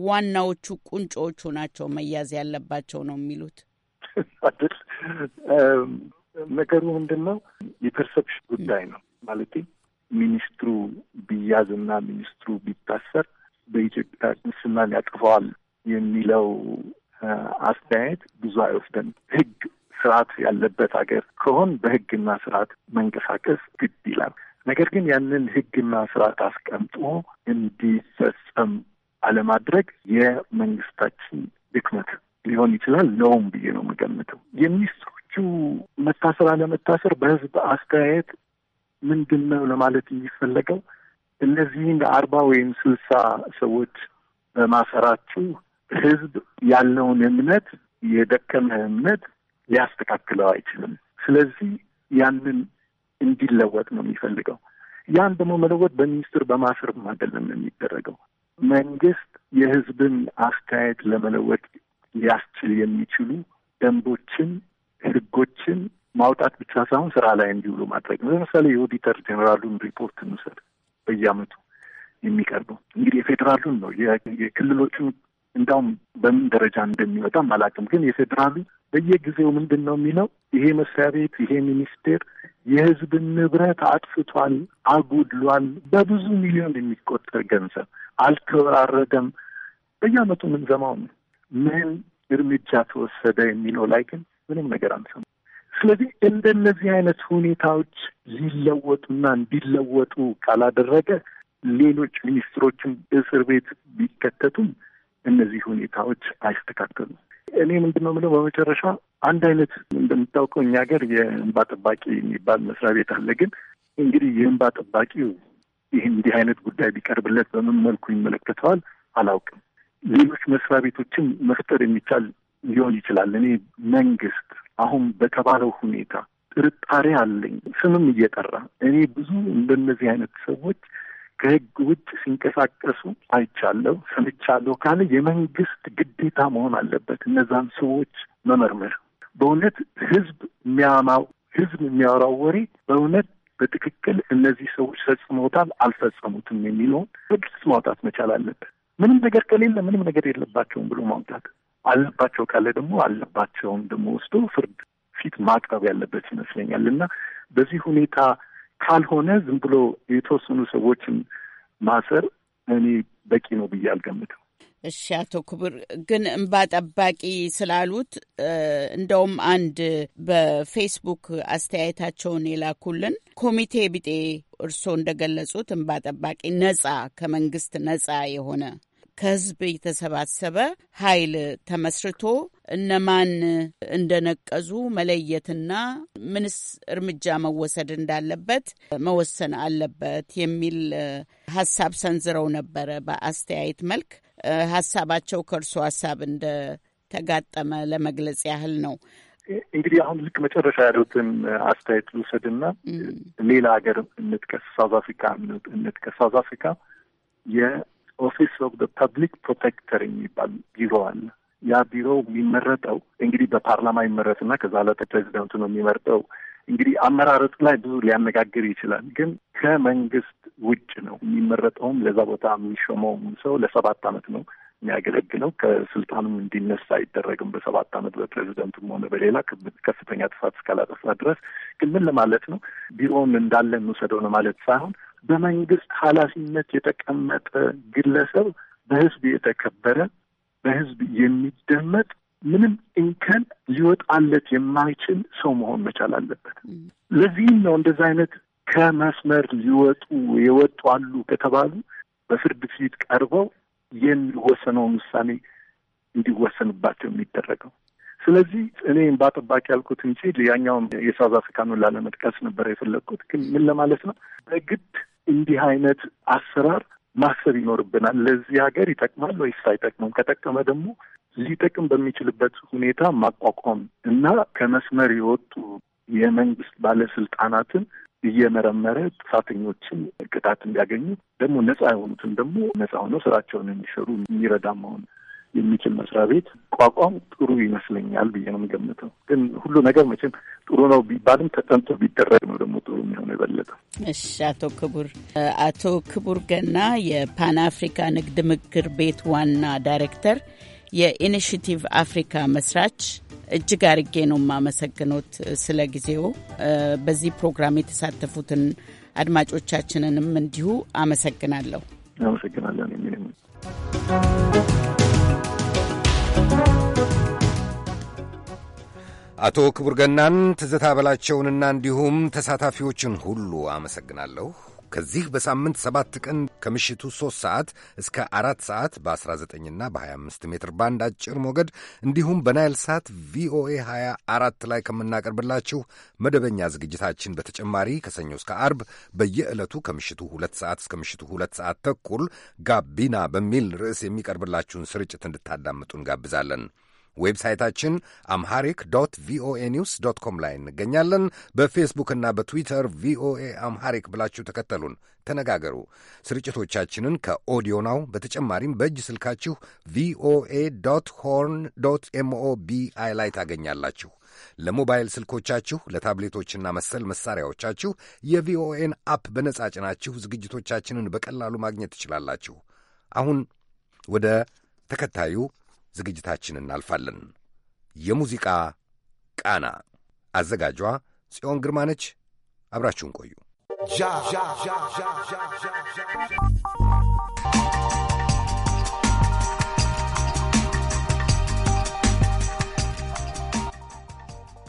ዋናዎቹ ቁንጮዎቹ ናቸው መያዝ ያለባቸው ነው የሚሉት አይደል? ነገሩ ምንድን ነው? የፐርሰፕሽን ጉዳይ ነው ማለት ሚኒስትሩ ቢያዝና ሚኒስትሩ ቢታሰር በኢትዮጵያ ሙስናን ያጥፈዋል የሚለው አስተያየት ብዙ አይወስደን። ህግ ስርዓት ያለበት ሀገር ከሆን በህግና ስርዓት መንቀሳቀስ ግድ ይላል። ነገር ግን ያንን ህግና ስርዓት አስቀምጦ እንዲፈጸም አለማድረግ የመንግስታችን ድክመት ሊሆን ይችላል ነውም ብዬ ነው የምገምተው። የሚኒስትሮቹ መታሰር አለመታሰር በህዝብ አስተያየት ምንድን ነው ለማለት የሚፈለገው እነዚህን አርባ ወይም ስልሳ ሰዎች በማሰራችሁ ህዝብ ያለውን እምነት የደከመ እምነት ሊያስተካክለው አይችልም። ስለዚህ ያንን እንዲለወጥ ነው የሚፈልገው። ያን ደግሞ መለወጥ በሚኒስትር በማሰርም አይደለም የሚደረገው። መንግስት የህዝብን አስተያየት ለመለወጥ ሊያስችል የሚችሉ ደንቦችን፣ ህጎችን ማውጣት ብቻ ሳይሆን ስራ ላይ እንዲውሉ ማድረግ ነው። ለምሳሌ የኦዲተር ጀኔራሉን ሪፖርት እንውሰድ። በየአመቱ የሚቀርበው እንግዲህ የፌዴራሉን ነው። የክልሎቹን እንዳውም በምን ደረጃ እንደሚወጣም አላውቅም፣ ግን የፌዴራሉ በየጊዜው ምንድን ነው የሚለው ይሄ መስሪያ ቤት ይሄ ሚኒስቴር የህዝብን ንብረት አጥፍቷል፣ አጉድሏል፣ በብዙ ሚሊዮን የሚቆጠር ገንዘብ አልተወራረደም። በየአመቱ ዘማው ነው። ምን እርምጃ ተወሰደ የሚለው ላይ ግን ምንም ነገር አንሰማ። ስለዚህ እንደነዚህ አይነት ሁኔታዎች ሊለወጡና እንዲለወጡ ካላደረገ ሌሎች ሚኒስትሮችን እስር ቤት ቢከተቱም እነዚህ ሁኔታዎች አይስተካከሉም። እኔ ምንድነው የምለው በመጨረሻ አንድ አይነት እንደምታውቀው እኛ ሀገር የእንባ ጠባቂ የሚባል መስሪያ ቤት አለ። ግን እንግዲህ የእንባ ጠባቂው ይህ እንዲህ አይነት ጉዳይ ቢቀርብለት በምን መልኩ ይመለከተዋል አላውቅም። ሌሎች መስሪያ ቤቶችን መፍጠር የሚቻል ሊሆን ይችላል። እኔ መንግስት አሁን በተባለው ሁኔታ ጥርጣሬ አለኝ። ስምም እየጠራ እኔ ብዙ እንደነዚህ አይነት ሰዎች ከህግ ውጭ ሲንቀሳቀሱ አይቻለሁ፣ ሰምቻለሁ ካለ የመንግስት ግዴታ መሆን አለበት እነዛን ሰዎች መመርመር። በእውነት ህዝብ የሚያማው ህዝብ የሚያወራው ወሬ በእውነት በትክክል እነዚህ ሰዎች ፈጽመውታል፣ አልፈጸሙትም የሚለውን በግልጽ ማውጣት መቻል አለበት። ምንም ነገር ከሌለ ምንም ነገር የለባቸውም ብሎ ማውጣት አለባቸው ካለ ደግሞ አለባቸውም ደግሞ ወስዶ ፍርድ ፊት ማቅረብ ያለበት ይመስለኛል። እና በዚህ ሁኔታ ካልሆነ ዝም ብሎ የተወሰኑ ሰዎችን ማሰር እኔ በቂ ነው ብዬ አልገምተው። እሺ፣ አቶ ክቡር ግን እምባ ጠባቂ ስላሉት እንደውም አንድ በፌስቡክ አስተያየታቸውን የላኩልን ኮሚቴ ቢጤ እርስዎ እንደገለጹት እምባ ጠባቂ ነጻ ከመንግስት ነጻ የሆነ ከህዝብ የተሰባሰበ ኃይል ተመስርቶ እነማን እንደነቀዙ መለየትና ምንስ እርምጃ መወሰድ እንዳለበት መወሰን አለበት የሚል ሀሳብ ሰንዝረው ነበረ። በአስተያየት መልክ ሀሳባቸው ከእርሶ ሀሳብ እንደተጋጠመ ለመግለጽ ያህል ነው። እንግዲህ አሁን ልክ መጨረሻ ያሉትን አስተያየት ልውሰድና ሌላ ሀገር እንጥቀስ፣ ሳውዝ አፍሪካ እንጥቀስ። ሳውዝ አፍሪካ ኦፊስ ኦፍ ፐብሊክ ፕሮቴክተር የሚባል ቢሮ አለ። ያ ቢሮ የሚመረጠው እንግዲህ በፓርላማ ይመረጥና ከዛ ዕለት ፕሬዚደንቱ ነው የሚመርጠው። እንግዲህ አመራረጡ ላይ ብዙ ሊያነጋግር ይችላል፣ ግን ከመንግስት ውጭ ነው የሚመረጠውም። ለዛ ቦታ የሚሾመውም ሰው ለሰባት ዓመት ነው የሚያገለግለው። ከስልጣኑም እንዲነሳ አይደረግም በሰባት አመት በፕሬዚደንቱም ሆነ በሌላ ከፍተኛ ጥፋት እስካላጠፋ ድረስ። ግን ምን ለማለት ነው ቢሮውን እንዳለ እንውሰደው ነው ማለት ሳይሆን በመንግስት ኃላፊነት የተቀመጠ ግለሰብ በህዝብ የተከበረ በህዝብ የሚደመጥ ምንም እንከን ሊወጣለት የማይችል ሰው መሆን መቻል አለበት። ለዚህም ነው እንደዚ አይነት ከመስመር ሊወጡ የወጡ አሉ ከተባሉ በፍርድ ፊት ቀርበው የሚወሰነውን ውሳኔ እንዲወሰንባቸው የሚደረገው። ስለዚህ እኔ በአጠባቂ ያልኩት እንጂ ያኛውም የሳውዝ አፍሪካኑን ላለመጥቀስ ነበር የፈለግኩት። ግን ምን ለማለት ነው በግድ እንዲህ አይነት አሰራር ማሰብ ይኖርብናል። ለዚህ ሀገር ይጠቅማል ወይስ አይጠቅምም? ከጠቀመ ደግሞ ሊጠቅም በሚችልበት ሁኔታ ማቋቋም እና ከመስመር የወጡ የመንግስት ባለስልጣናትን እየመረመረ ጥፋተኞችን ቅጣት እንዲያገኙ ደግሞ ነጻ የሆኑትን ደግሞ ነጻ ሆነው ስራቸውን እንዲሰሩ የሚረዳ መሆን የሚችል መስሪያ ቤት ቋቋም ጥሩ ይመስለኛል ብዬ ነው የሚገምተው። ግን ሁሉ ነገር መቼም ጥሩ ነው ቢባልም ተጠንቶ ቢደረግ ነው ደግሞ ጥሩ የሚሆነው የበለጠ። እሺ፣ አቶ ክቡር አቶ ክቡር ገና የፓን አፍሪካ ንግድ ምክር ቤት ዋና ዳይሬክተር፣ የኢኒሽቲቭ አፍሪካ መስራች እጅግ አርጌ ነው የማመሰግኖት ስለ ጊዜው። በዚህ ፕሮግራም የተሳተፉትን አድማጮቻችንንም እንዲሁ አመሰግናለሁ። አመሰግናለሁ። አቶ ክቡር ገናን ትዝታ በላቸውንና እንዲሁም ተሳታፊዎችን ሁሉ አመሰግናለሁ። ከዚህ በሳምንት ሰባት ቀን ከምሽቱ ሦስት ሰዓት እስከ አራት ሰዓት በ19ና በ25 ሜትር ባንድ አጭር ሞገድ እንዲሁም በናይል ሳት ቪኦኤ 24 ላይ ከምናቀርብላችሁ መደበኛ ዝግጅታችን በተጨማሪ ከሰኞ እስከ አርብ በየዕለቱ ከምሽቱ ሁለት ሰዓት እስከ ምሽቱ ሁለት ሰዓት ተኩል ጋቢና በሚል ርዕስ የሚቀርብላችሁን ስርጭት እንድታዳምጡ እንጋብዛለን። ዌብሳይታችን አምሃሪክ ዶት ቪኦኤ ኒውስ ዶት ኮም ላይ እንገኛለን። በፌስቡክና በትዊተር ቪኦኤ አምሃሪክ ብላችሁ ተከተሉን፣ ተነጋገሩ። ስርጭቶቻችንን ከኦዲዮ ናው በተጨማሪም በእጅ ስልካችሁ ቪኦኤ ዶት ሆርን ዶት ኤምኦቢአይ ላይ ታገኛላችሁ። ለሞባይል ስልኮቻችሁ ለታብሌቶችና መሰል መሳሪያዎቻችሁ የቪኦኤን አፕ በነጻ ጭናችሁ ዝግጅቶቻችንን በቀላሉ ማግኘት ትችላላችሁ። አሁን ወደ ተከታዩ ዝግጅታችን እናልፋለን። የሙዚቃ ቃና አዘጋጇ ጽዮን ግርማ ነች። አብራችሁን ቆዩ።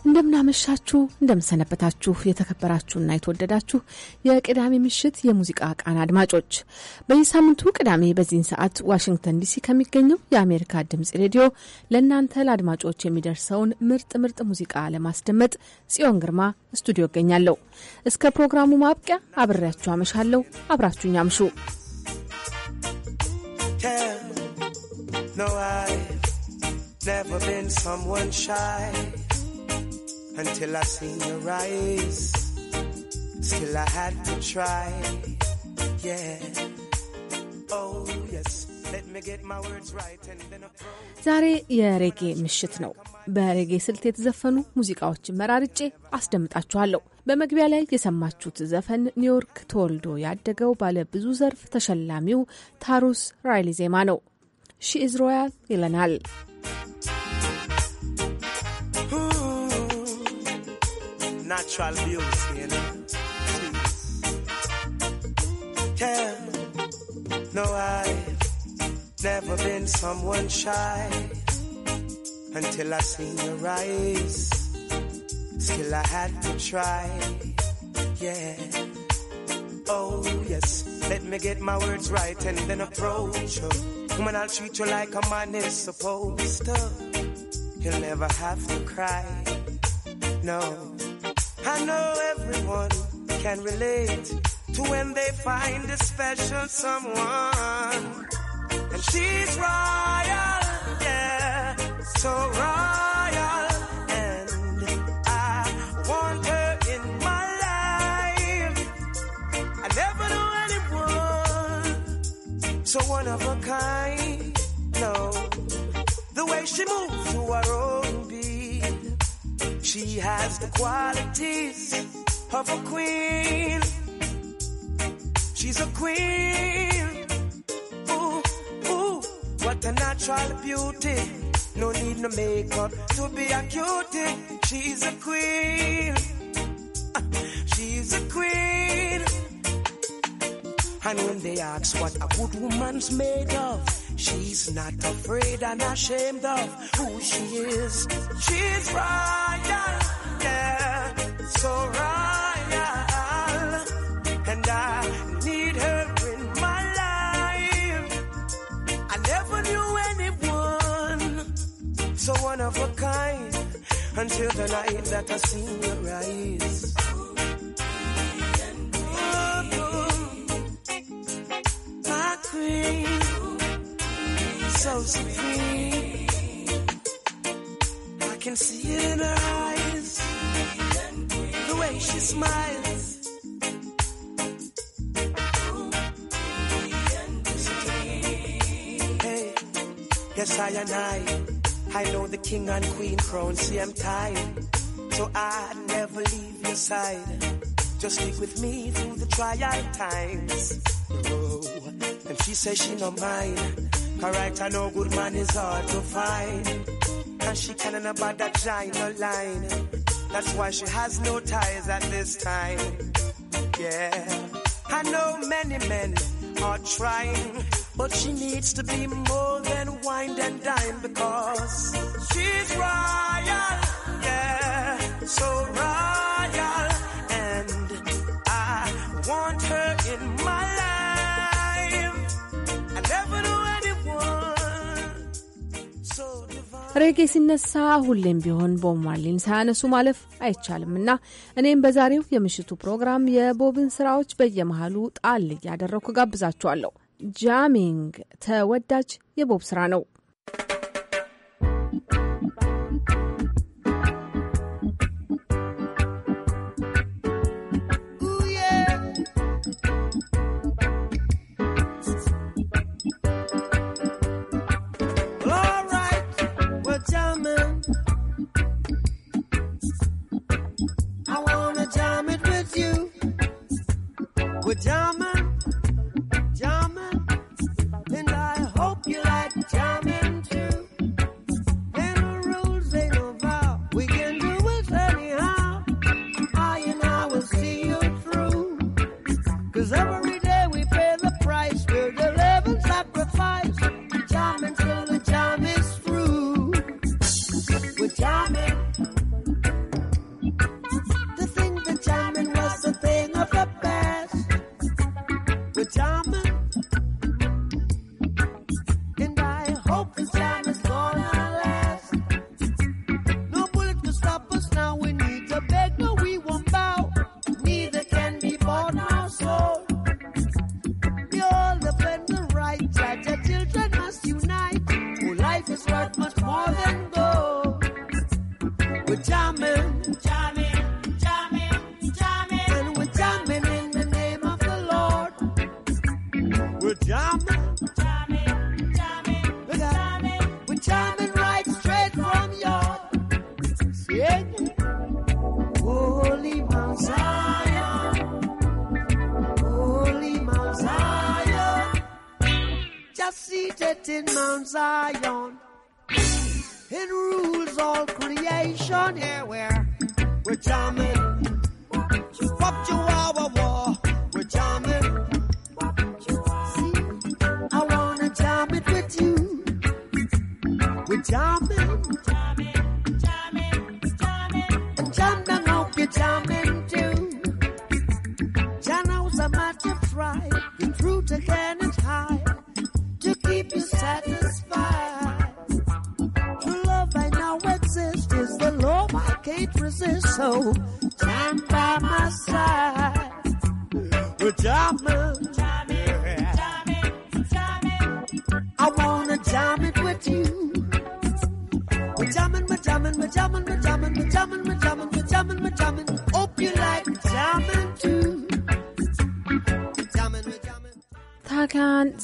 እንደምናመሻችሁ እንደምንሰነበታችሁ የተከበራችሁና የተወደዳችሁ የቅዳሜ ምሽት የሙዚቃ ቃና አድማጮች በየሳምንቱ ቅዳሜ በዚህን ሰዓት ዋሽንግተን ዲሲ ከሚገኘው የአሜሪካ ድምጽ ሬዲዮ ለእናንተ ለአድማጮች የሚደርሰውን ምርጥ ምርጥ ሙዚቃ ለማስደመጥ ጽዮን ግርማ ስቱዲዮ እገኛለሁ። እስከ ፕሮግራሙ ማብቂያ አብሬያችሁ አመሻለሁ። አብራችሁኝ አምሹ። No, I've never been someone shy. until I seen your eyes. Still I had to try, yeah. Oh yes, let me get my words right and then a ዛሬ የሬጌ ምሽት ነው። በሬጌ ስልት የተዘፈኑ ሙዚቃዎችን መራርጬ አስደምጣችኋለሁ። በመግቢያ ላይ የሰማችሁት ዘፈን ኒውዮርክ ተወልዶ ያደገው ባለ ብዙ ዘርፍ ተሸላሚው ታሩስ ራይሊ ዜማ ነው። ሺ ኢዝ ሮያል ይለናል። natural beauty, you know. Yeah, no, I've never been someone shy until I seen your eyes. Still, I had to try. Yeah. Oh, yes. Let me get my words right and then approach you. Woman, I'll treat you like a man is supposed to. You'll never have to cry. No. I know everyone can relate to when they find a special someone. And she's royal, yeah, so royal. And I want her in my life. I never knew anyone so one of a kind. No, the way she moves to her own. She has the qualities of a queen. She's a queen. Ooh, ooh, what a natural beauty. No need no makeup to be a cutie. She's a queen. She's a queen. And when they ask what a good woman's made of, she's not afraid and ashamed of who she is. She's royal, yeah, so royal. And I need her in my life. I never knew anyone so one of a kind until the night that I see her rise. so supreme. I can see it in her eyes, the way she smiles. Hey, yes, I and I, I know the king and queen crown. See, I'm tired, so I never leave your side. Just stick with me through the trial times. She say she no mind. I no good man is hard to find. And she can't about that giant line. That's why she has no ties at this time. Yeah. I know many men are trying, but she needs to be more than wine and dine because she's royal. Yeah. So royal. ሬጌ ሲነሳ ሁሌም ቢሆን ቦብ ማርሊን ሳያነሱ ማለፍ አይቻልም እና እኔም በዛሬው የምሽቱ ፕሮግራም የቦብን ስራዎች በየመሃሉ ጣል እያደረኩ ጋብዛችኋለሁ። ጃሚንግ ተወዳጅ የቦብ ስራ ነው።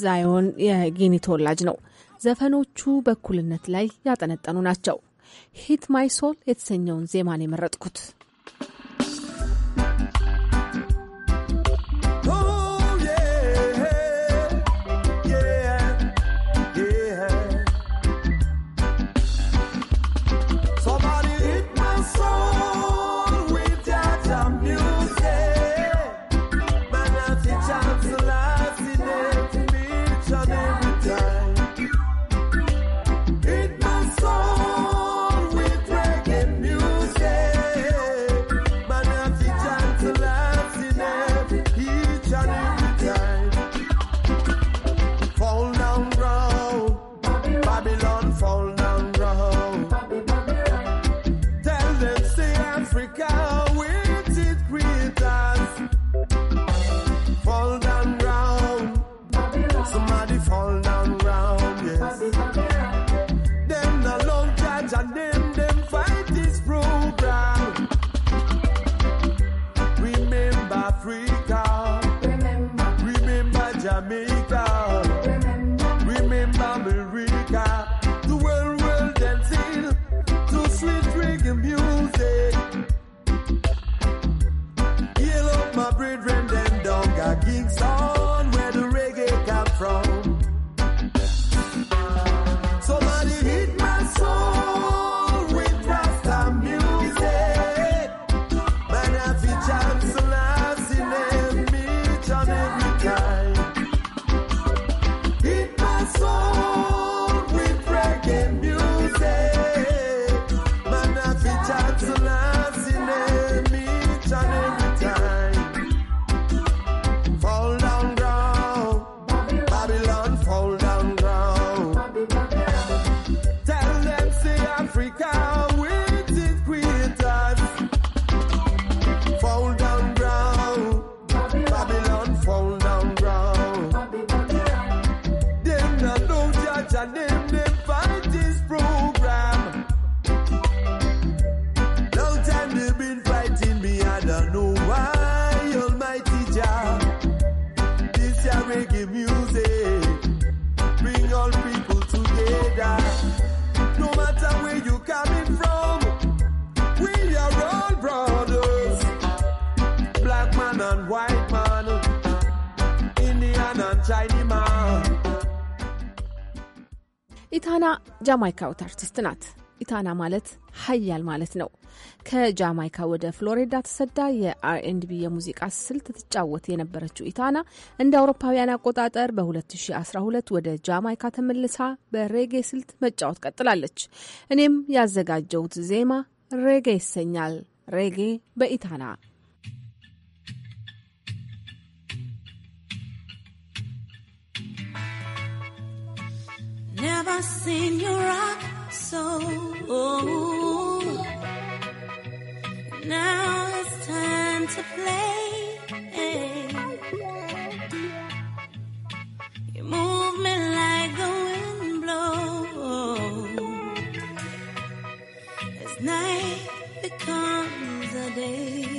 ዛዮን የጊኒ ተወላጅ ነው። ዘፈኖቹ በእኩልነት ላይ ያጠነጠኑ ናቸው። ሂት ማይ ሶል የተሰኘውን ዜማን የመረጥኩት mean. ጃማይካዊት አርቲስት ናት። ኢታና ማለት ሀያል ማለት ነው። ከጃማይካ ወደ ፍሎሪዳ ተሰዳ የአርኤንድቢ የሙዚቃ ስልት ትጫወት የነበረችው ኢታና እንደ አውሮፓውያን አቆጣጠር በ2012 ወደ ጃማይካ ተመልሳ በሬጌ ስልት መጫወት ቀጥላለች። እኔም ያዘጋጀሁት ዜማ ሬጌ ይሰኛል። ሬጌ በኢታና trust seen your rock so now it's time to play you move me like the wind blows as night becomes a day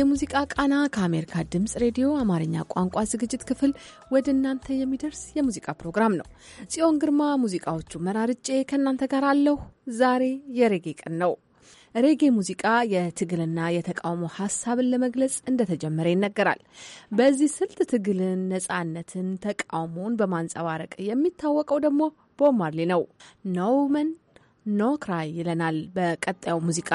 የሙዚቃ ቃና ከአሜሪካ ድምፅ ሬዲዮ አማርኛ ቋንቋ ዝግጅት ክፍል ወደ እናንተ የሚደርስ የሙዚቃ ፕሮግራም ነው። ጽዮን ግርማ ሙዚቃዎቹ መራርጬ ከእናንተ ጋር አለሁ። ዛሬ የሬጌ ቀን ነው። ሬጌ ሙዚቃ የትግልና የተቃውሞ ሀሳብን ለመግለጽ እንደተጀመረ ይነገራል። በዚህ ስልት ትግልን፣ ነጻነትን፣ ተቃውሞን በማንጸባረቅ የሚታወቀው ደግሞ ቦብ ማርሊ ነው። ኖ ኖክራይ ይለናል በቀጣዩ ሙዚቃ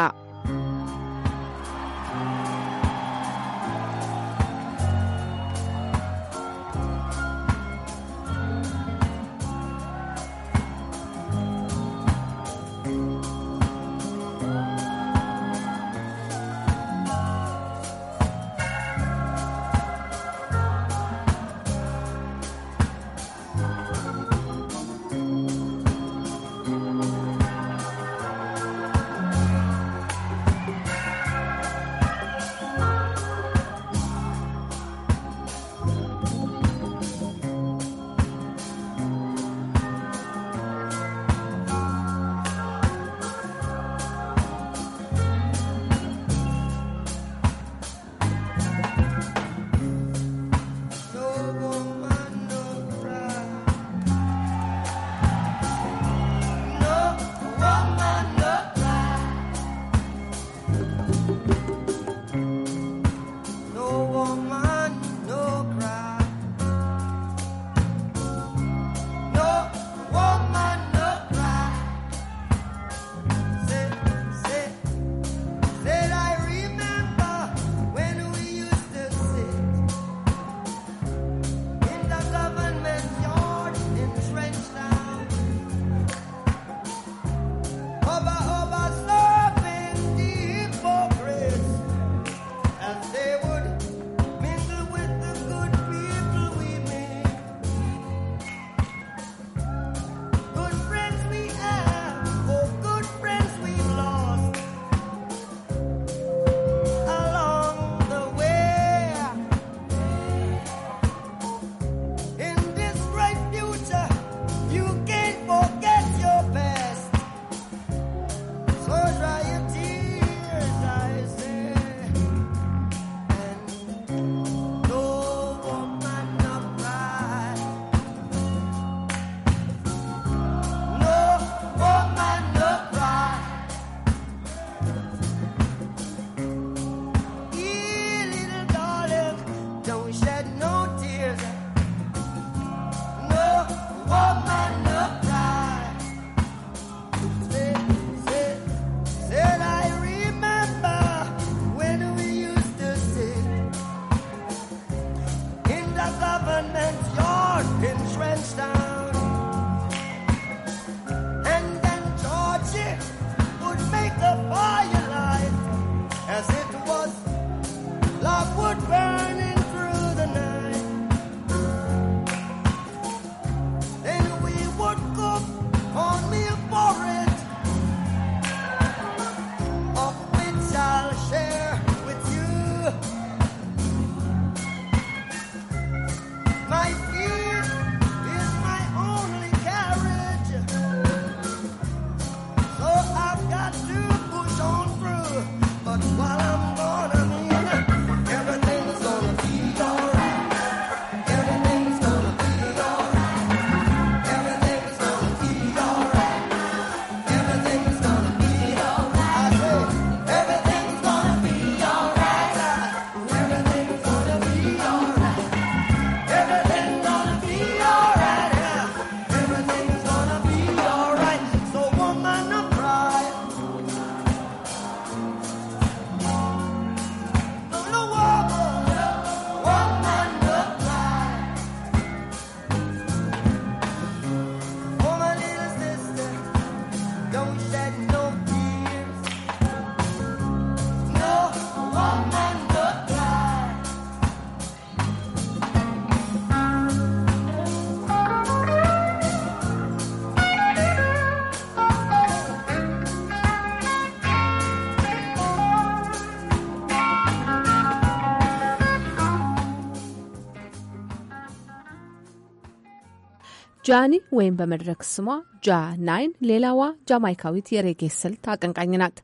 ጃኒ ወይም በመድረክ ስሟ ጃ ናይን ሌላዋ ጃማይካዊት የሬጌ ስልት አቀንቃኝ ናት።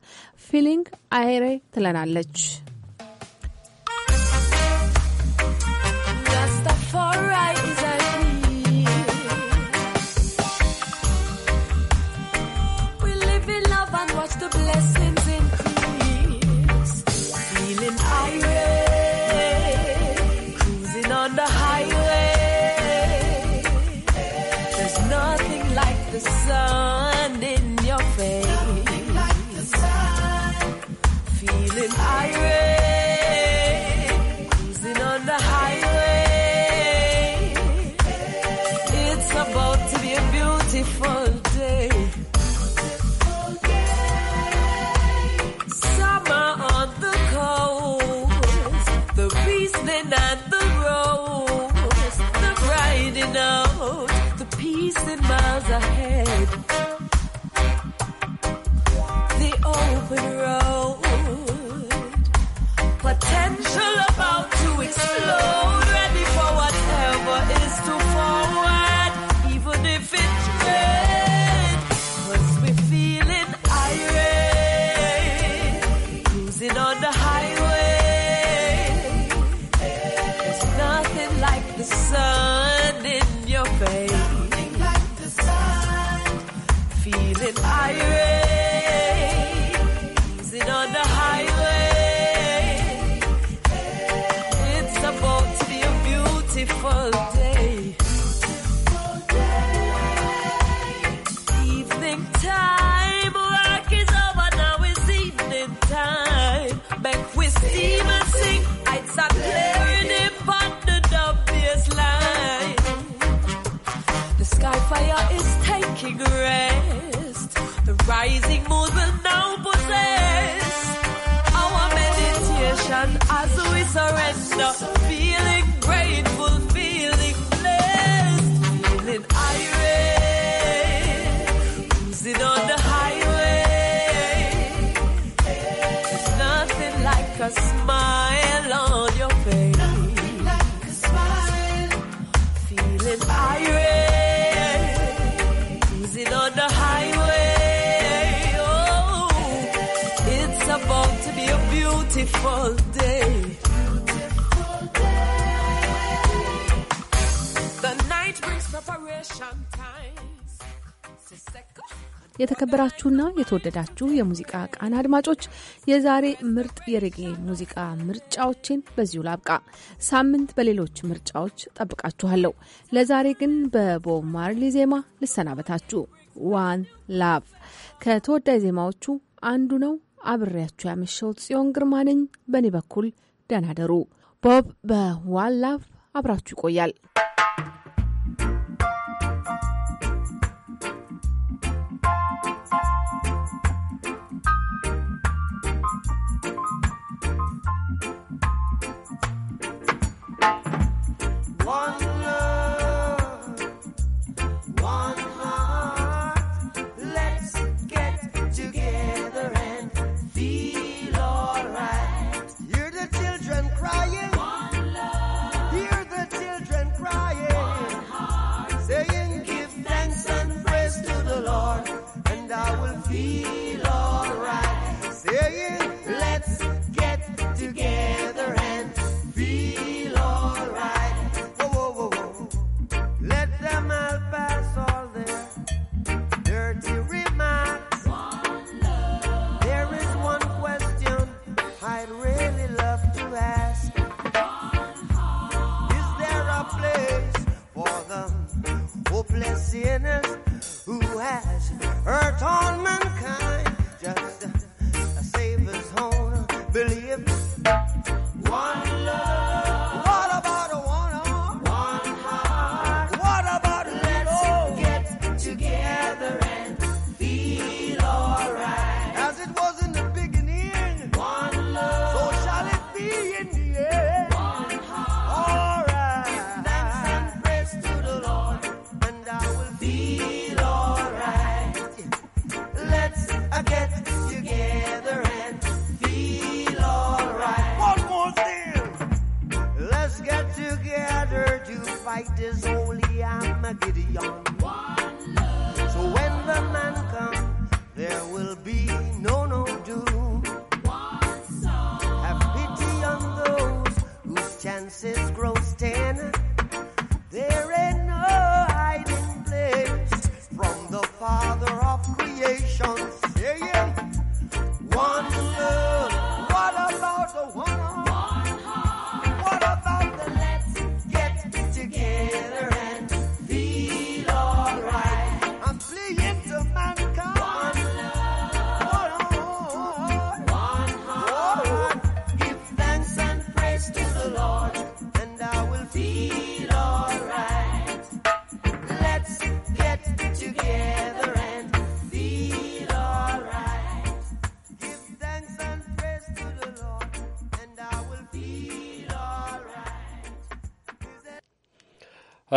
ፊሊንግ አይሬ ትለናለች። surrender. Feeling grateful, feeling blessed, feeling irate. Cruising on the highway. There's nothing like a smile on your face. Nothing like a smile. Feeling irate. Cruising on the highway. Oh, it's about to be a beautiful የተከበራችሁና የተወደዳችሁ የሙዚቃ ቃና አድማጮች የዛሬ ምርጥ የሬጌ ሙዚቃ ምርጫዎችን በዚሁ ላብቃ። ሳምንት በሌሎች ምርጫዎች ጠብቃችኋለሁ። ለዛሬ ግን በቦብ ማርሊ ዜማ ልሰናበታችሁ። ዋን ላቭ ከተወዳጅ ዜማዎቹ አንዱ ነው። አብሬያችሁ ያመሸው ጽዮን ግርማ ነኝ። በእኔ በኩል ደናደሩ ቦብ በዋን ላቭ አብራችሁ ይቆያል።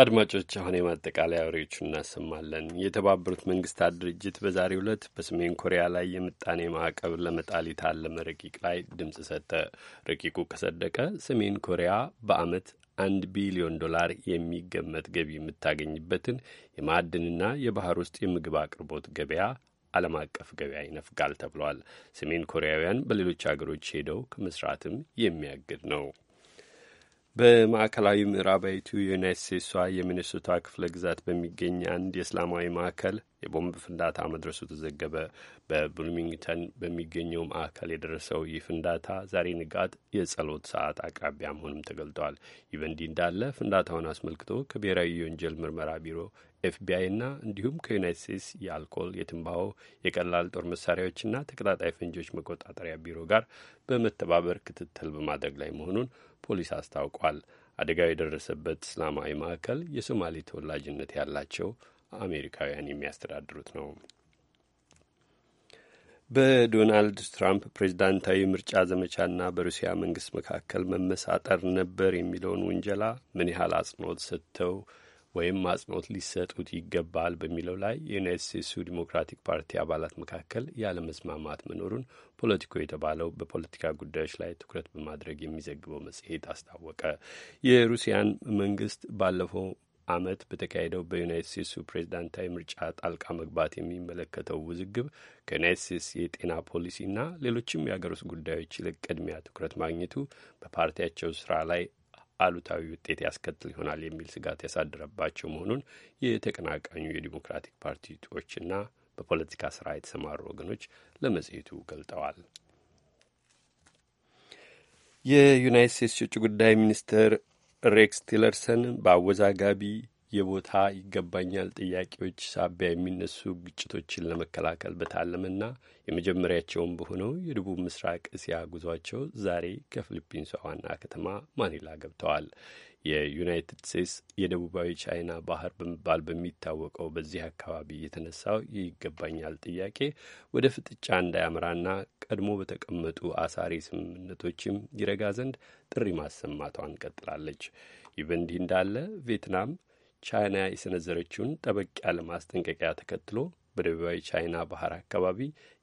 አድማጮች አሁን የማጠቃለያ ወሬዎቹ እናሰማለን። የተባበሩት መንግስታት ድርጅት በዛሬው ዕለት በሰሜን ኮሪያ ላይ የምጣኔ ማዕቀብ ለመጣል የታለመ ረቂቅ ላይ ድምፅ ሰጠ። ረቂቁ ከጸደቀ ሰሜን ኮሪያ በዓመት አንድ ቢሊዮን ዶላር የሚገመት ገቢ የምታገኝበትን የማዕድንና የባህር ውስጥ የምግብ አቅርቦት ገበያ ዓለም አቀፍ ገበያ ይነፍጋል ተብሏል። ሰሜን ኮሪያውያን በሌሎች አገሮች ሄደው ከመስራትም የሚያግድ ነው። በማዕከላዊ ምዕራባዊቱ የዩናይት ስቴትሷ የሚኒሶታ ክፍለ ግዛት በሚገኝ አንድ የእስላማዊ ማዕከል የቦምብ ፍንዳታ መድረሱ ተዘገበ። በብሉሚንግተን በሚገኘው ማዕከል የደረሰው ይህ ፍንዳታ ዛሬ ንጋት የጸሎት ሰዓት አቅራቢያ መሆኑም ተገልጧል። ይህ በእንዲህ እንዳለ ፍንዳታውን አስመልክቶ ከብሔራዊ የወንጀል ምርመራ ቢሮ ኤፍቢአይ እና እንዲሁም ከዩናይት ስቴትስ የአልኮል የትንባሆ የቀላል ጦር መሳሪያዎችና ተቀጣጣይ ፈንጆች መቆጣጠሪያ ቢሮ ጋር በመተባበር ክትትል በማድረግ ላይ መሆኑን ፖሊስ አስታውቋል። አደጋው የደረሰበት እስላማዊ ማዕከል የሶማሌ ተወላጅነት ያላቸው አሜሪካውያን የሚያስተዳድሩት ነው። በዶናልድ ትራምፕ ፕሬዚዳንታዊ ምርጫ ዘመቻና በሩሲያ መንግስት መካከል መመሳጠር ነበር የሚለውን ውንጀላ ምን ያህል አጽንኦት ሰጥተው ወይም አጽንኦት ሊሰጡት ይገባል በሚለው ላይ የዩናይት ስቴትሱ ዲሞክራቲክ ፓርቲ አባላት መካከል ያለመስማማት መኖሩን ፖለቲኮ የተባለው በፖለቲካ ጉዳዮች ላይ ትኩረት በማድረግ የሚዘግበው መጽሔት አስታወቀ። የሩሲያን መንግስት ባለፈው ዓመት በተካሄደው በዩናይት ስቴትሱ ፕሬዚዳንታዊ ምርጫ ጣልቃ መግባት የሚመለከተው ውዝግብ ከዩናይት ስቴትስ የጤና ፖሊሲና ሌሎችም የአገር ውስጥ ጉዳዮች ይልቅ ቅድሚያ ትኩረት ማግኘቱ በፓርቲያቸው ስራ ላይ አሉታዊ ውጤት ያስከትል ይሆናል የሚል ስጋት ያሳደረባቸው መሆኑን የተቀናቃኙ የዲሞክራቲክ ፓርቲ እጩዎችና በፖለቲካ ስራ የተሰማሩ ወገኖች ለመጽሔቱ ገልጠዋል። የዩናይት ስቴትስ የውጭ ጉዳይ ሚኒስትር ሬክስ ቲለርሰን በአወዛጋቢ የቦታ ይገባኛል ጥያቄዎች ሳቢያ የሚነሱ ግጭቶችን ለመከላከል በታለመና የመጀመሪያቸውን በሆነው የደቡብ ምስራቅ እስያ ጉዟቸው ዛሬ ከፊሊፒንሷ ዋና ከተማ ማኒላ ገብተዋል። የዩናይትድ ስቴትስ የደቡባዊ ቻይና ባህር በመባል በሚታወቀው በዚህ አካባቢ የተነሳው ይገባኛል ጥያቄ ወደ ፍጥጫ እንዳያመራና ቀድሞ በተቀመጡ አሳሪ ስምምነቶችም ይረጋ ዘንድ ጥሪ ማሰማቷን ቀጥላለች። ይህ በእንዲህ እንዳለ ቪየትናም ቻይና የሰነዘረችውን ጠበቅ ያለ ማስጠንቀቂያ ተከትሎ በደቡባዊ ቻይና ባህር አካባቢ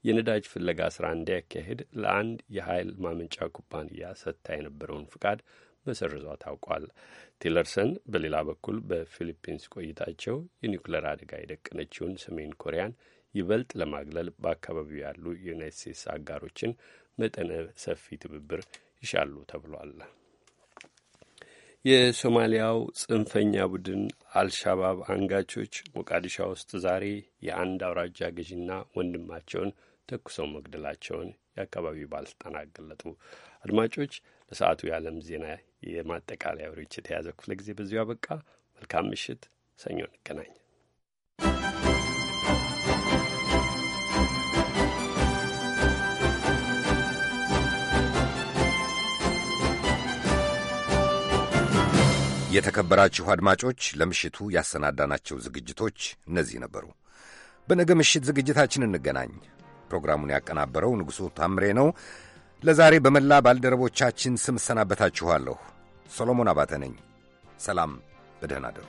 የነዳጅ ፍለጋ ስራ እንዲያካሄድ ለአንድ የኃይል ማመንጫ ኩባንያ ሰጥታ የነበረውን ፍቃድ መሰርዟ ታውቋል። ቲለርሰን በሌላ በኩል በፊሊፒንስ ቆይታቸው የኒውክሌር አደጋ የደቀነችውን ሰሜን ኮሪያን ይበልጥ ለማግለል በአካባቢው ያሉ የዩናይት ስቴትስ አጋሮችን መጠነ ሰፊ ትብብር ይሻሉ ተብሏል። የሶማሊያው ጽንፈኛ ቡድን አልሻባብ አንጋቾች ሞቃዲሻ ውስጥ ዛሬ የአንድ አውራጃ ገዢና ወንድማቸውን ተኩሰው መግደላቸውን የአካባቢው ባለስልጣናት ገለጡ። አድማጮች፣ ለሰዓቱ የዓለም ዜና የማጠቃለያ ርዕዮች የተያዘ ክፍለ ጊዜ በዚሁ አበቃ። መልካም ምሽት። ሰኞ እንገናኝ። የተከበራችሁ አድማጮች ለምሽቱ ያሰናዳናቸው ዝግጅቶች እነዚህ ነበሩ። በነገ ምሽት ዝግጅታችን እንገናኝ። ፕሮግራሙን ያቀናበረው ንጉሡ ታምሬ ነው። ለዛሬ በመላ ባልደረቦቻችን ስም እሰናበታችኋለሁ። ሰሎሞን አባተ ነኝ። ሰላም፣ በደህና አደሩ።